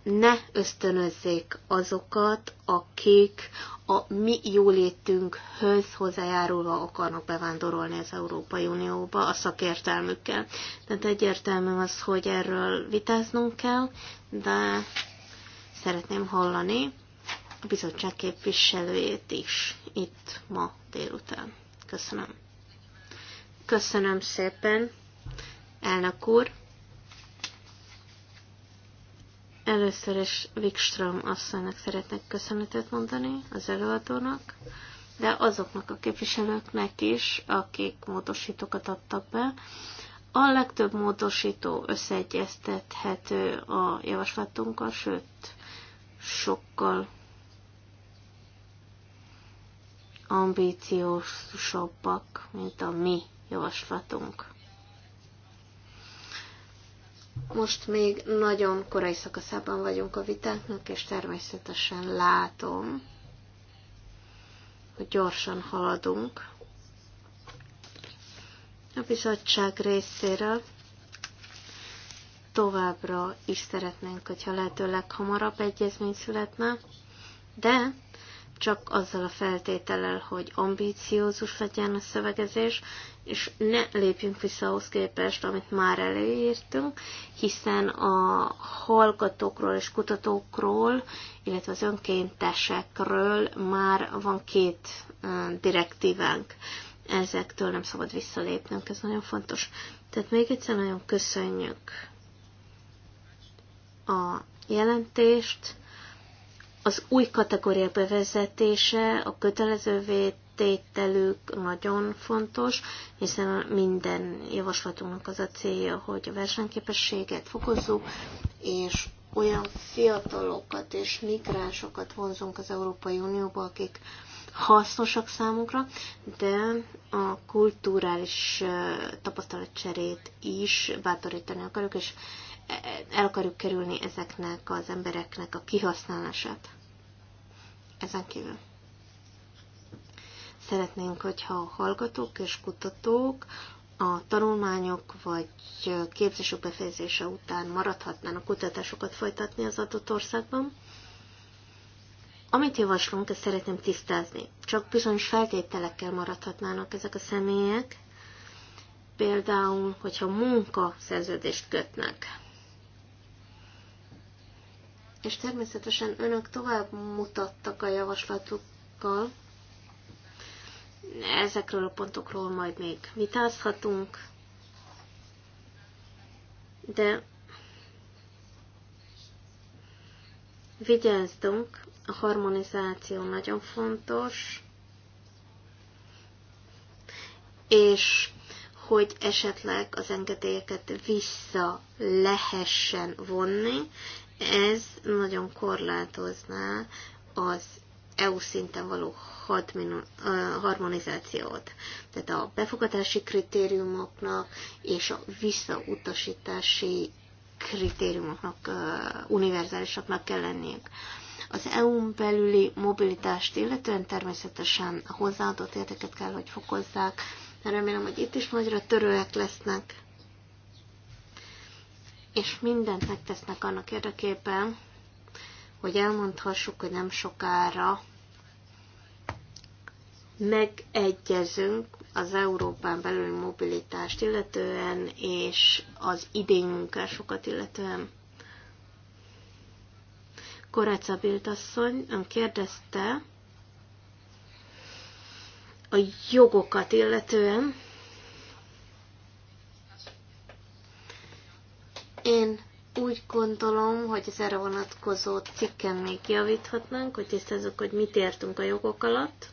ne ösztönözzék azokat, akik a mi jólétünkhöz hozzájárulva akarnak bevándorolni az Európai Unióba a szakértelmükkel. Tehát egyértelmű az, hogy erről vitáznunk kell, de szeretném hallani a bizottság képviselőjét is itt ma délután. Köszönöm. Köszönöm szépen, elnök úr. Először is Wikström asszonynak szeretnék köszönetet mondani az előadónak, de azoknak a képviselőknek is, akik módosítókat adtak be. A legtöbb módosító összeegyeztethető a javaslatunkkal, sőt, sokkal ambíciósabbak, mint a mi javaslatunk. Most még nagyon korai szakaszában vagyunk a vitáknak, és természetesen látom, hogy gyorsan haladunk. A bizottság részéről továbbra is szeretnénk, hogyha lehető leghamarabb egyezmény születne, de csak azzal a feltétellel, hogy ambíciózus legyen a szövegezés, és ne lépjünk vissza ahhoz képest, amit már előírtunk, hiszen a hallgatókról és kutatókról, illetve az önkéntesekről már van két direktívánk. Ezektől nem szabad visszalépnünk, ez nagyon fontos. Tehát még egyszer nagyon köszönjük a jelentést, az új kategória bevezetése, a kötelezővé tételük nagyon fontos, hiszen minden javaslatunknak az a célja, hogy a versenyképességet fokozzuk, és olyan fiatalokat és migránsokat vonzunk az Európai Unióba, akik hasznosak számunkra, de a kulturális tapasztalatcserét is bátorítani akarjuk, és el akarjuk kerülni ezeknek az embereknek a kihasználását. Ezen kívül szeretnénk, hogyha a hallgatók és kutatók a tanulmányok vagy képzésük befejezése után maradhatnának kutatásokat folytatni az adott országban. Amit javaslunk, ezt szeretném tisztázni. Csak bizonyos feltételekkel maradhatnának ezek a személyek, például, hogyha munkaszerződést kötnek és természetesen önök tovább mutattak a javaslatukkal. Ezekről a pontokról majd még vitázhatunk, de vigyázzunk, a harmonizáció nagyon fontos, és hogy esetleg az engedélyeket vissza lehessen vonni, ez nagyon korlátozná az EU szinten való harmonizációt. Tehát a befogadási kritériumoknak és a visszautasítási kritériumoknak univerzálisaknak kell lenniük. Az EU-n belüli mobilitást illetően természetesen hozzáadott érdeket kell, hogy fokozzák. Remélem, hogy itt is nagyra törőek lesznek és mindent megtesznek annak érdekében, hogy elmondhassuk, hogy nem sokára megegyezünk az Európán belüli mobilitást illetően, és az idény munkásokat illetően. Koráca Bildasszony ön kérdezte a jogokat illetően, Én úgy gondolom, hogy az erre vonatkozó cikken még javíthatnánk, hogy tisztázzuk, hogy mit értünk a jogok alatt.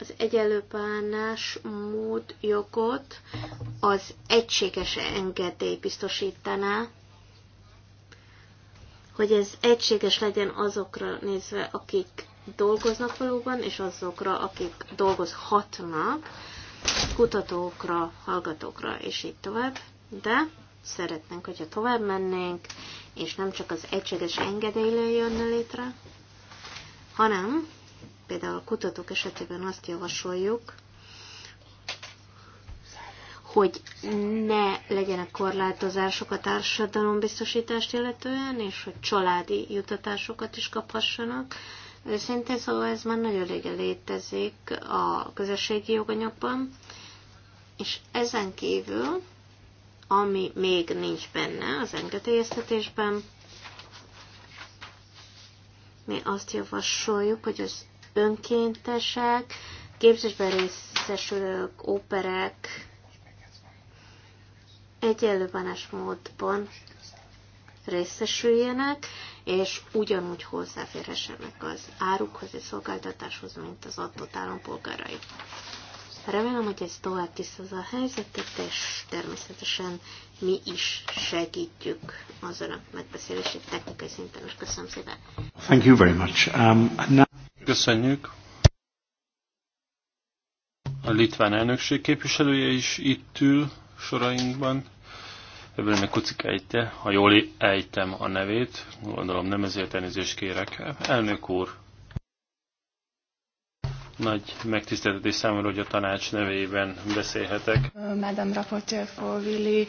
Az egyenlő mód jogot az egységes engedély biztosítaná, hogy ez egységes legyen azokra nézve, akik dolgoznak valóban, és azokra, akik dolgozhatnak, kutatókra, hallgatókra, és így tovább. De szeretnénk, hogyha tovább mennénk, és nem csak az egységes engedélye jönne létre, hanem például a kutatók esetében azt javasoljuk, hogy ne legyenek korlátozások a biztosítást illetően, és hogy családi jutatásokat is kaphassanak. Őszintén szóval ez már nagyon régen létezik a közösségi joganyagban, és ezen kívül ami még nincs benne az engedélyeztetésben. Mi azt javasoljuk, hogy az önkéntesek, képzésben részesülők, óperek egyenlő bánásmódban részesüljenek, és ugyanúgy hozzáférhessenek az árukhoz és szolgáltatáshoz, mint az adott állampolgárai. Remélem, hogy ez tovább az a helyzetet, és természetesen mi is segítjük az önök megbeszélését technikai szinten. És köszönöm szépen. Thank you very much. Um, now... Köszönjük. A litván elnökség képviselője is itt ül sorainkban. Ebből Evelyn ejte, ha jól ejtem a nevét, gondolom nem ezért elnézést kérek. Elnök úr, nagy megtiszteltetés számomra, hogy a tanács nevében beszélhetek. Madame Rapporteur Willy.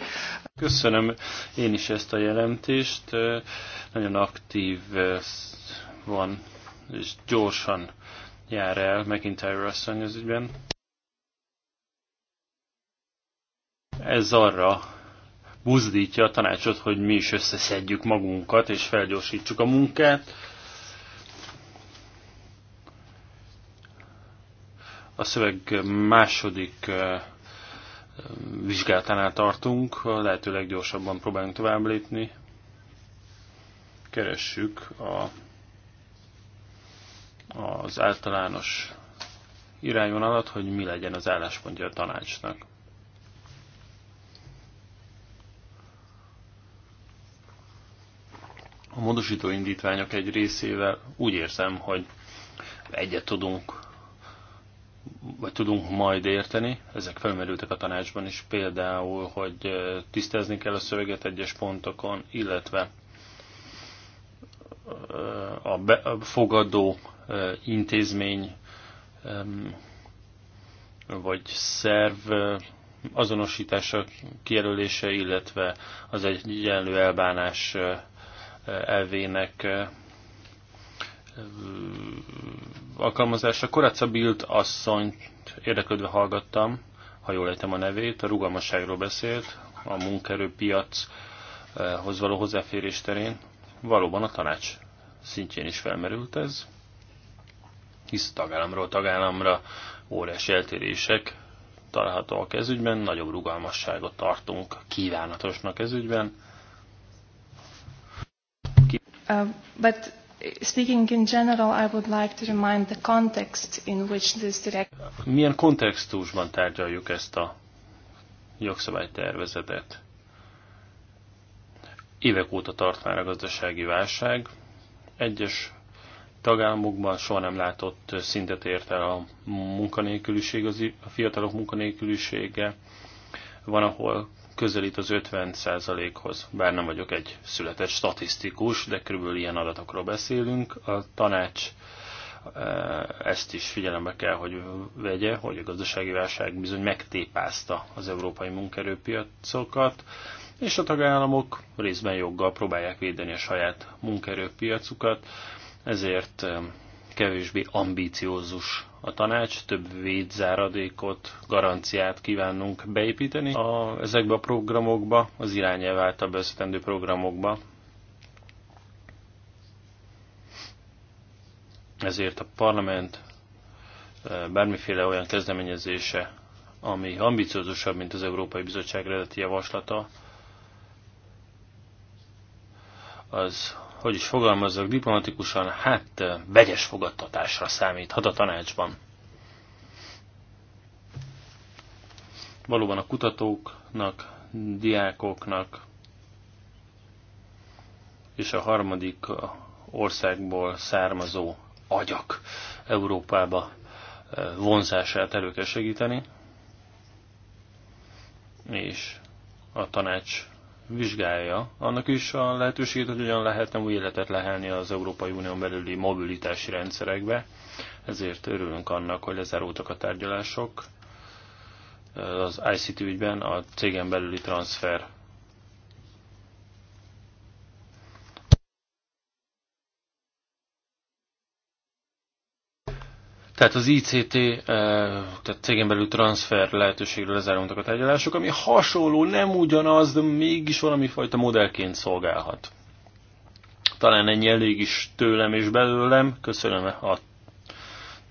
Köszönöm én is ezt a jelentést. Nagyon aktív eh, van, és gyorsan jár el McIntyre asszony az ügyben. Ez arra buzdítja a tanácsot, hogy mi is összeszedjük magunkat, és felgyorsítsuk a munkát A szöveg második eh, vizsgálatánál tartunk, lehetőleg gyorsabban próbálunk tovább lépni. Keressük a, az általános irányvonalat, hogy mi legyen az álláspontja a tanácsnak. A módosító indítványok egy részével úgy érzem, hogy egyet tudunk vagy tudunk majd érteni, ezek felmerültek a tanácsban is, például, hogy tisztázni kell a szöveget egyes pontokon, illetve a, be, a fogadó intézmény vagy szerv azonosítása, kijelölése, illetve az egyenlő elbánás elvének Koraca Bild asszonyt érdeklődve hallgattam, ha jól értem a nevét, a rugalmasságról beszélt, a munkerőpiachoz való hozzáférés terén. Valóban a tanács szintjén is felmerült ez, hisz tagállamról tagállamra óriási eltérések találhatóak kezügyben nagyobb rugalmasságot tartunk kívánatosnak kezügyben. Ki... Uh, but Speaking in general, I would like to remind the context in which this direct... Milyen kontextusban tárgyaljuk ezt a jogszabálytervezetet? Évek óta tart már a gazdasági válság. Egyes tagállamokban soha nem látott szintet ért el a munkanélküliség, a fiatalok munkanélkülisége. Van, ahol közelít az 50%-hoz. Bár nem vagyok egy született statisztikus, de körülbelül ilyen adatokról beszélünk. A tanács e, ezt is figyelembe kell, hogy vegye, hogy a gazdasági válság bizony megtépázta az európai munkerőpiacokat, és a tagállamok részben joggal próbálják védeni a saját munkerőpiacukat, ezért e, kevésbé ambíciózus a tanács, több védzáradékot, garanciát kívánunk beépíteni a, ezekbe a programokba, az irányelv által beszetendő programokba. Ezért a parlament eh, bármiféle olyan kezdeményezése, ami ambiciózusabb, mint az Európai Bizottság eredeti javaslata, az hogy is fogalmazok diplomatikusan, hát eh, vegyes fogadtatásra számíthat a tanácsban. Valóban a kutatóknak, diákoknak és a harmadik eh, országból származó agyak Európába eh, vonzását elő kell segíteni, és a tanács vizsgálja annak is a lehetőséget, hogy hogyan lehetne új életet lehelni az Európai Unión belüli mobilitási rendszerekbe. Ezért örülünk annak, hogy lezáródtak a tárgyalások eh, az ICT ügyben a cégen belüli transfer Tehát az ICT, eh, tehát cégen belül transfer lehetőségről lezárultak a tárgyalások, ami hasonló, nem ugyanaz, de mégis valami fajta modellként szolgálhat. Talán ennyi elég is tőlem és belőlem. Köszönöm a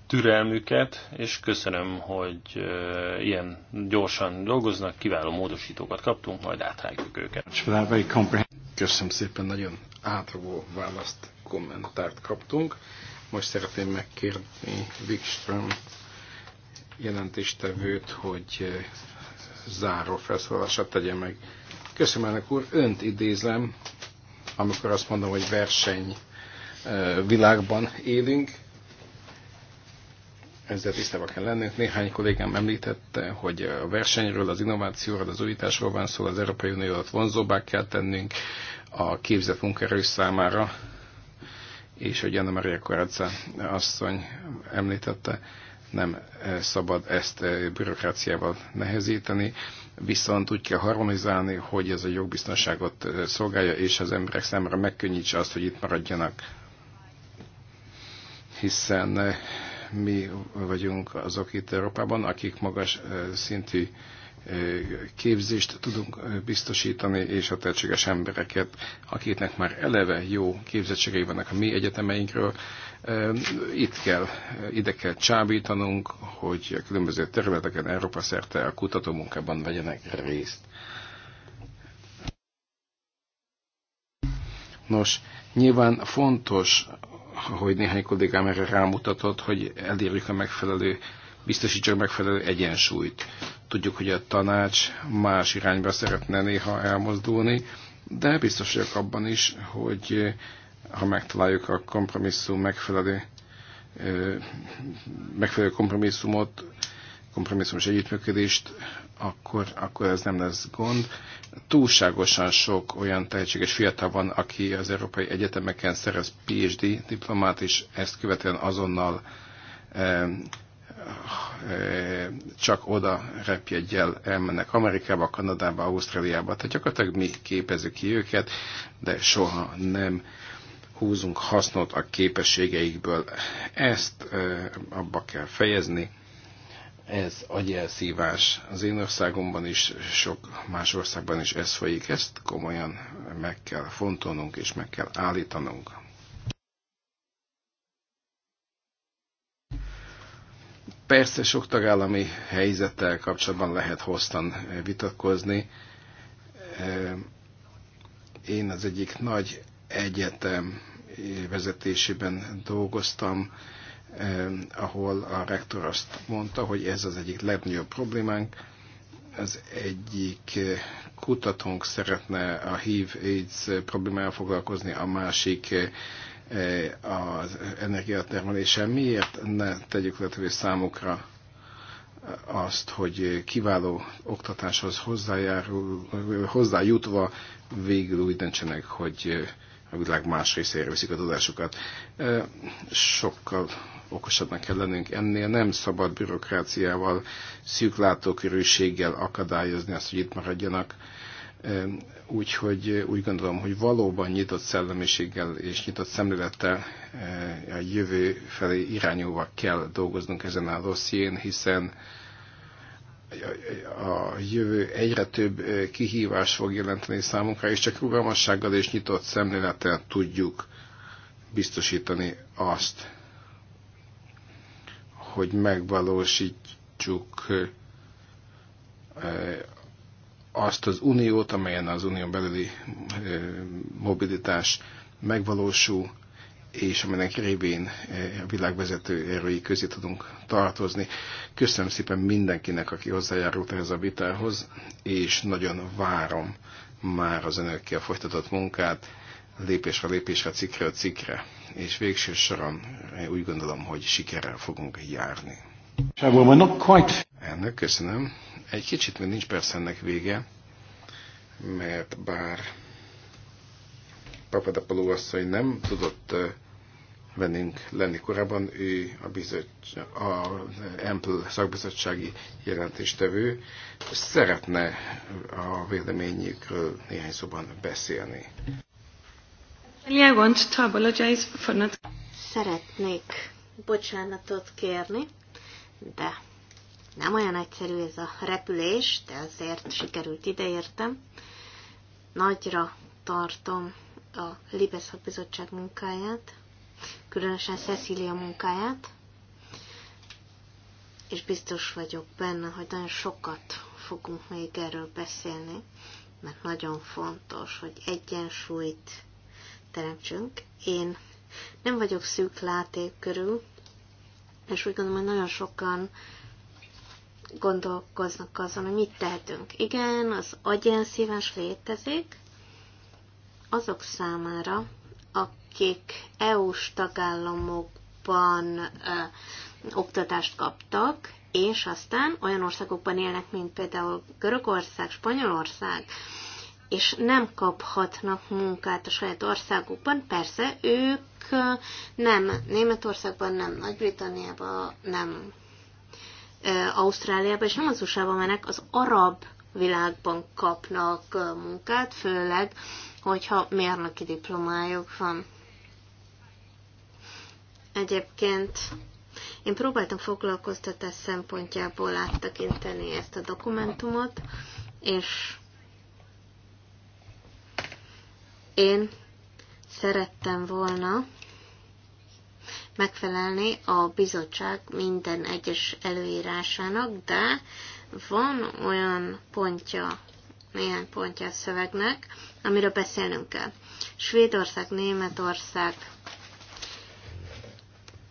türelmüket, és köszönöm, hogy eh, ilyen gyorsan dolgoznak, kiváló módosítókat kaptunk, majd átrágjuk őket. Köszönöm szépen, nagyon átrogó választ, kommentárt kaptunk. Most szeretném megkérni Wikström jelentéstevőt, hogy eh, záró felszólását tegye meg. Köszönöm, elnök úr, önt idézem, amikor azt mondom, hogy verseny eh, világban élünk. Ezzel tisztában kell lennünk. Néhány kollégám említette, hogy a versenyről, az innovációról, az újításról van szó, az Európai Uniót vonzóbbá kell tennünk a képzett munkerő számára és hogy Anna Maria Koráca asszony említette, nem eh, szabad ezt eh, bürokráciával nehezíteni, viszont úgy kell harmonizálni, hogy ez a jogbiztonságot eh, szolgálja, és az emberek számára megkönnyítse azt, hogy itt maradjanak. Hiszen mi vagyunk azok itt Európában, akik magas szintű képzést tudunk biztosítani, és a tehetséges embereket, akiknek már eleve jó képzettségei vannak a mi egyetemeinkről, itt kell, ide kell csábítanunk, hogy a különböző területeken Európa szerte a kutatómunkában vegyenek részt. Nos, nyilván fontos, hogy néhány kollégám erre rámutatott, hogy elérjük a megfelelő biztosítsak megfelelő egyensúlyt. Tudjuk, hogy a tanács más irányba szeretne néha elmozdulni, de biztos vagyok abban is, hogy eh, ha megtaláljuk a kompromisszum megfelelő, eh, megfelelő kompromisszumot, kompromisszumos együttműködést, akkor, akkor ez nem lesz gond. Túlságosan sok olyan tehetséges fiatal van, aki az európai egyetemeken szerez PhD diplomát, és ezt követően azonnal eh, csak oda repjedjel elmennek Amerikába, Kanadába, Ausztráliába. Tehát gyakorlatilag mi képezzük ki őket, de soha nem húzunk hasznot a képességeikből. Ezt abba kell fejezni. Ez agyelszívás. Az én országomban is, sok más országban is ez folyik. Ezt komolyan meg kell fontolnunk és meg kell állítanunk. Persze sok tagállami helyzettel kapcsolatban lehet hosszan eh, vitatkozni. Eh, én az egyik nagy egyetem eh, vezetésében dolgoztam, ahol a rektor azt mondta, hogy ez az egyik legnagyobb problémánk. Az egyik kutatónk szeretne a HIV-AIDS problémával foglalkozni, a másik Eh, az energiatermelésen. Miért ne tegyük lehetővé számukra azt, hogy kiváló oktatáshoz hozzájárul, hozzájutva végül úgy döntsenek, hogy eh, a világ más részére viszik a tudásukat. Eh, sokkal okosabbnak kell lennünk ennél. Nem szabad bürokráciával, szűklátókörűséggel akadályozni azt, hogy itt maradjanak Úgyhogy eh, úgy gondolom, hogy valóban nyitott szellemiséggel és nyitott szemlélettel eh, a jövő felé irányulva kell dolgoznunk ezen a dosszién, hiszen a jövő egyre több eh, kihívás fog jelenteni számunkra, és csak rugalmassággal és nyitott szemlélettel tudjuk biztosítani azt, hogy megvalósítjuk azt az uniót, amelyen az unión belüli mobilitás megvalósul, és aminek révén a világvezető erői közé tudunk tartozni. Köszönöm szépen mindenkinek, aki hozzájárult ehhez a vitához, és nagyon várom már az önökkel folytatott munkát, lépésre lépésre, cikre cikre, és végső soron úgy gondolom, hogy sikerrel fogunk járni. Elnök, köszönöm. Egy kicsit még nincs persze ennek vége, mert bár Papadapoló asszony nem tudott bennünk lenni korábban, ő a, a Ample szakbizottsági jelentéstevő szeretne a véleményükről néhány szóban beszélni. Szeretnék bocsánatot kérni, de nem olyan egyszerű ez a repülés, de azért sikerült ideértem. Nagyra tartom a Libeszak Bizottság munkáját, különösen Cecilia munkáját, és biztos vagyok benne, hogy nagyon sokat fogunk még erről beszélni, mert nagyon fontos, hogy egyensúlyt teremtsünk. Én nem vagyok szűk láték körül, és úgy gondolom, hogy nagyon sokan gondolkoznak azon, hogy mit tehetünk. Igen, az agyenszívás létezik azok számára, akik EU-s tagállamokban ö, oktatást kaptak, és aztán olyan országokban élnek, mint például Görögország, Spanyolország, és nem kaphatnak munkát a saját országukban. Persze ők nem Németországban, nem Nagy-Britanniában, nem Ausztráliába, és nem az USA-ba mennek, az arab világban kapnak munkát, főleg, hogyha mérnöki diplomájuk van. Egyébként én próbáltam foglalkoztatás szempontjából áttekinteni ezt a dokumentumot, és én szerettem volna, megfelelni a bizottság minden egyes előírásának, de van olyan pontja, néhány pontja a szövegnek, amiről beszélnünk kell. Svédország, Németország,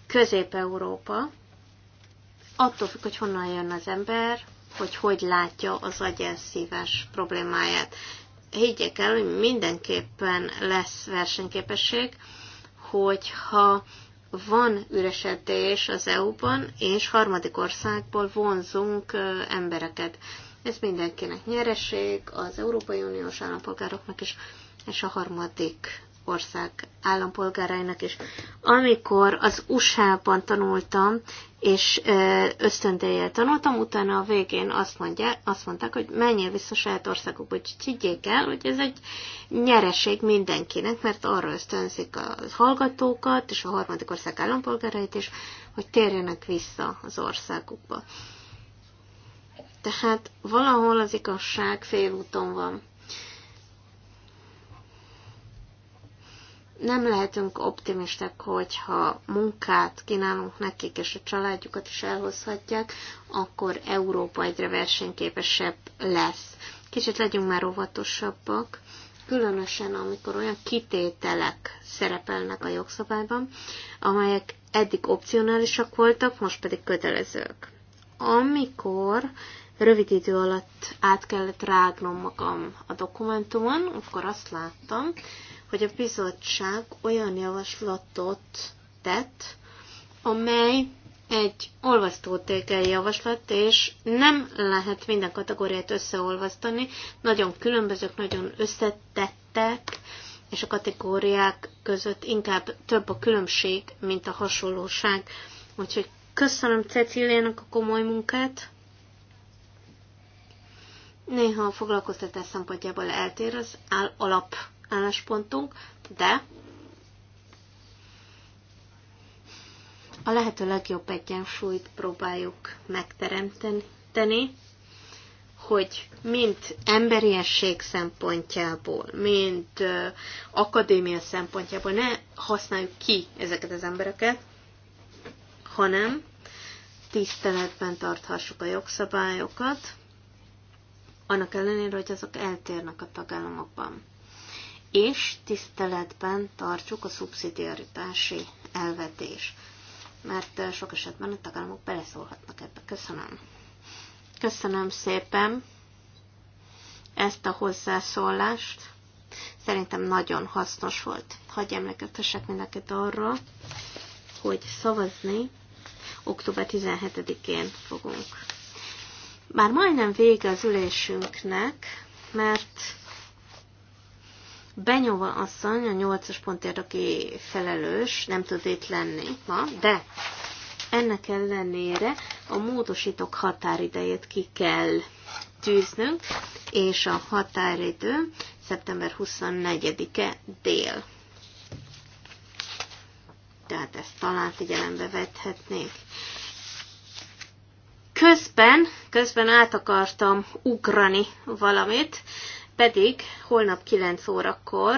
Közép-Európa, attól függ, hogy honnan jön az ember, hogy hogy látja az agyelszívás problémáját. Higgyek el, hogy mindenképpen lesz versenyképesség, hogyha van üresedés az EU-ban, és harmadik országból vonzunk embereket. Ez mindenkinek nyereség, az Európai Uniós állampolgároknak is, és a harmadik ország állampolgárainak is. Amikor az USA-ban tanultam, és ösztöndéjjel tanultam, utána a végén azt, mondja, azt mondták, hogy menjél vissza saját országukba, hogy higgyék el, hogy ez egy nyereség mindenkinek, mert arra ösztönzik a hallgatókat és a harmadik ország állampolgárait is, hogy térjenek vissza az országukba. Tehát valahol az igazság félúton van. nem lehetünk optimisták, hogyha munkát kínálunk nekik, és a családjukat is elhozhatják, akkor Európa egyre versenyképesebb lesz. Kicsit legyünk már óvatosabbak, különösen amikor olyan kitételek szerepelnek a jogszabályban, amelyek eddig opcionálisak voltak, most pedig kötelezők. Amikor rövid idő alatt át kellett rágnom magam a dokumentumon, akkor azt láttam, hogy a bizottság olyan javaslatot tett, amely egy olvasztótékely javaslat, és nem lehet minden kategóriát összeolvasztani, nagyon különbözők, nagyon összetettek, és a kategóriák között inkább több a különbség, mint a hasonlóság. Úgyhogy köszönöm Ceciliának a komoly munkát. Néha a foglalkoztatás szempontjából eltér az áll alap álláspontunk, de a lehető legjobb egyensúlyt próbáljuk megteremteni, hogy mint emberiesség szempontjából, mint akadémia szempontjából ne használjuk ki ezeket az embereket, hanem tiszteletben tarthassuk a jogszabályokat, annak ellenére, hogy azok eltérnek a tagállamokban és tiszteletben tartsuk a szubszidiaritási elvetés. mert sok esetben a tagállamok beleszólhatnak ebbe. Köszönöm. Köszönöm szépen ezt a hozzászólást. Szerintem nagyon hasznos volt. Hagyj emlékeztessek mindenkit arra, hogy szavazni október 17-én fogunk. Már majdnem vége az ülésünknek, mert Benyova asszony, a nyolcas pontért, aki felelős, nem tud itt lenni ma, de ennek ellenére a módosítók határidejét ki kell tűznünk, és a határidő szeptember 24-e dél. Tehát ezt talán figyelembe vethetnék. Közben, közben át akartam ugrani valamit, pedig holnap 9 órakor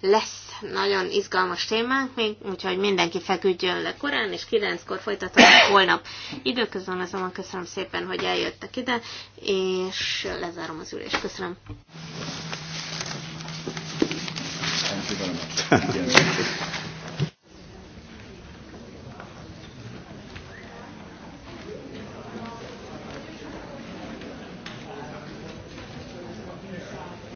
lesz nagyon izgalmas témánk, még, úgyhogy mindenki feküdjön le korán, és 9-kor folytatódik holnap. Időközben azonban köszönöm szépen, hogy eljöttek ide, és lezárom az ülést. Köszönöm. Thank you very much.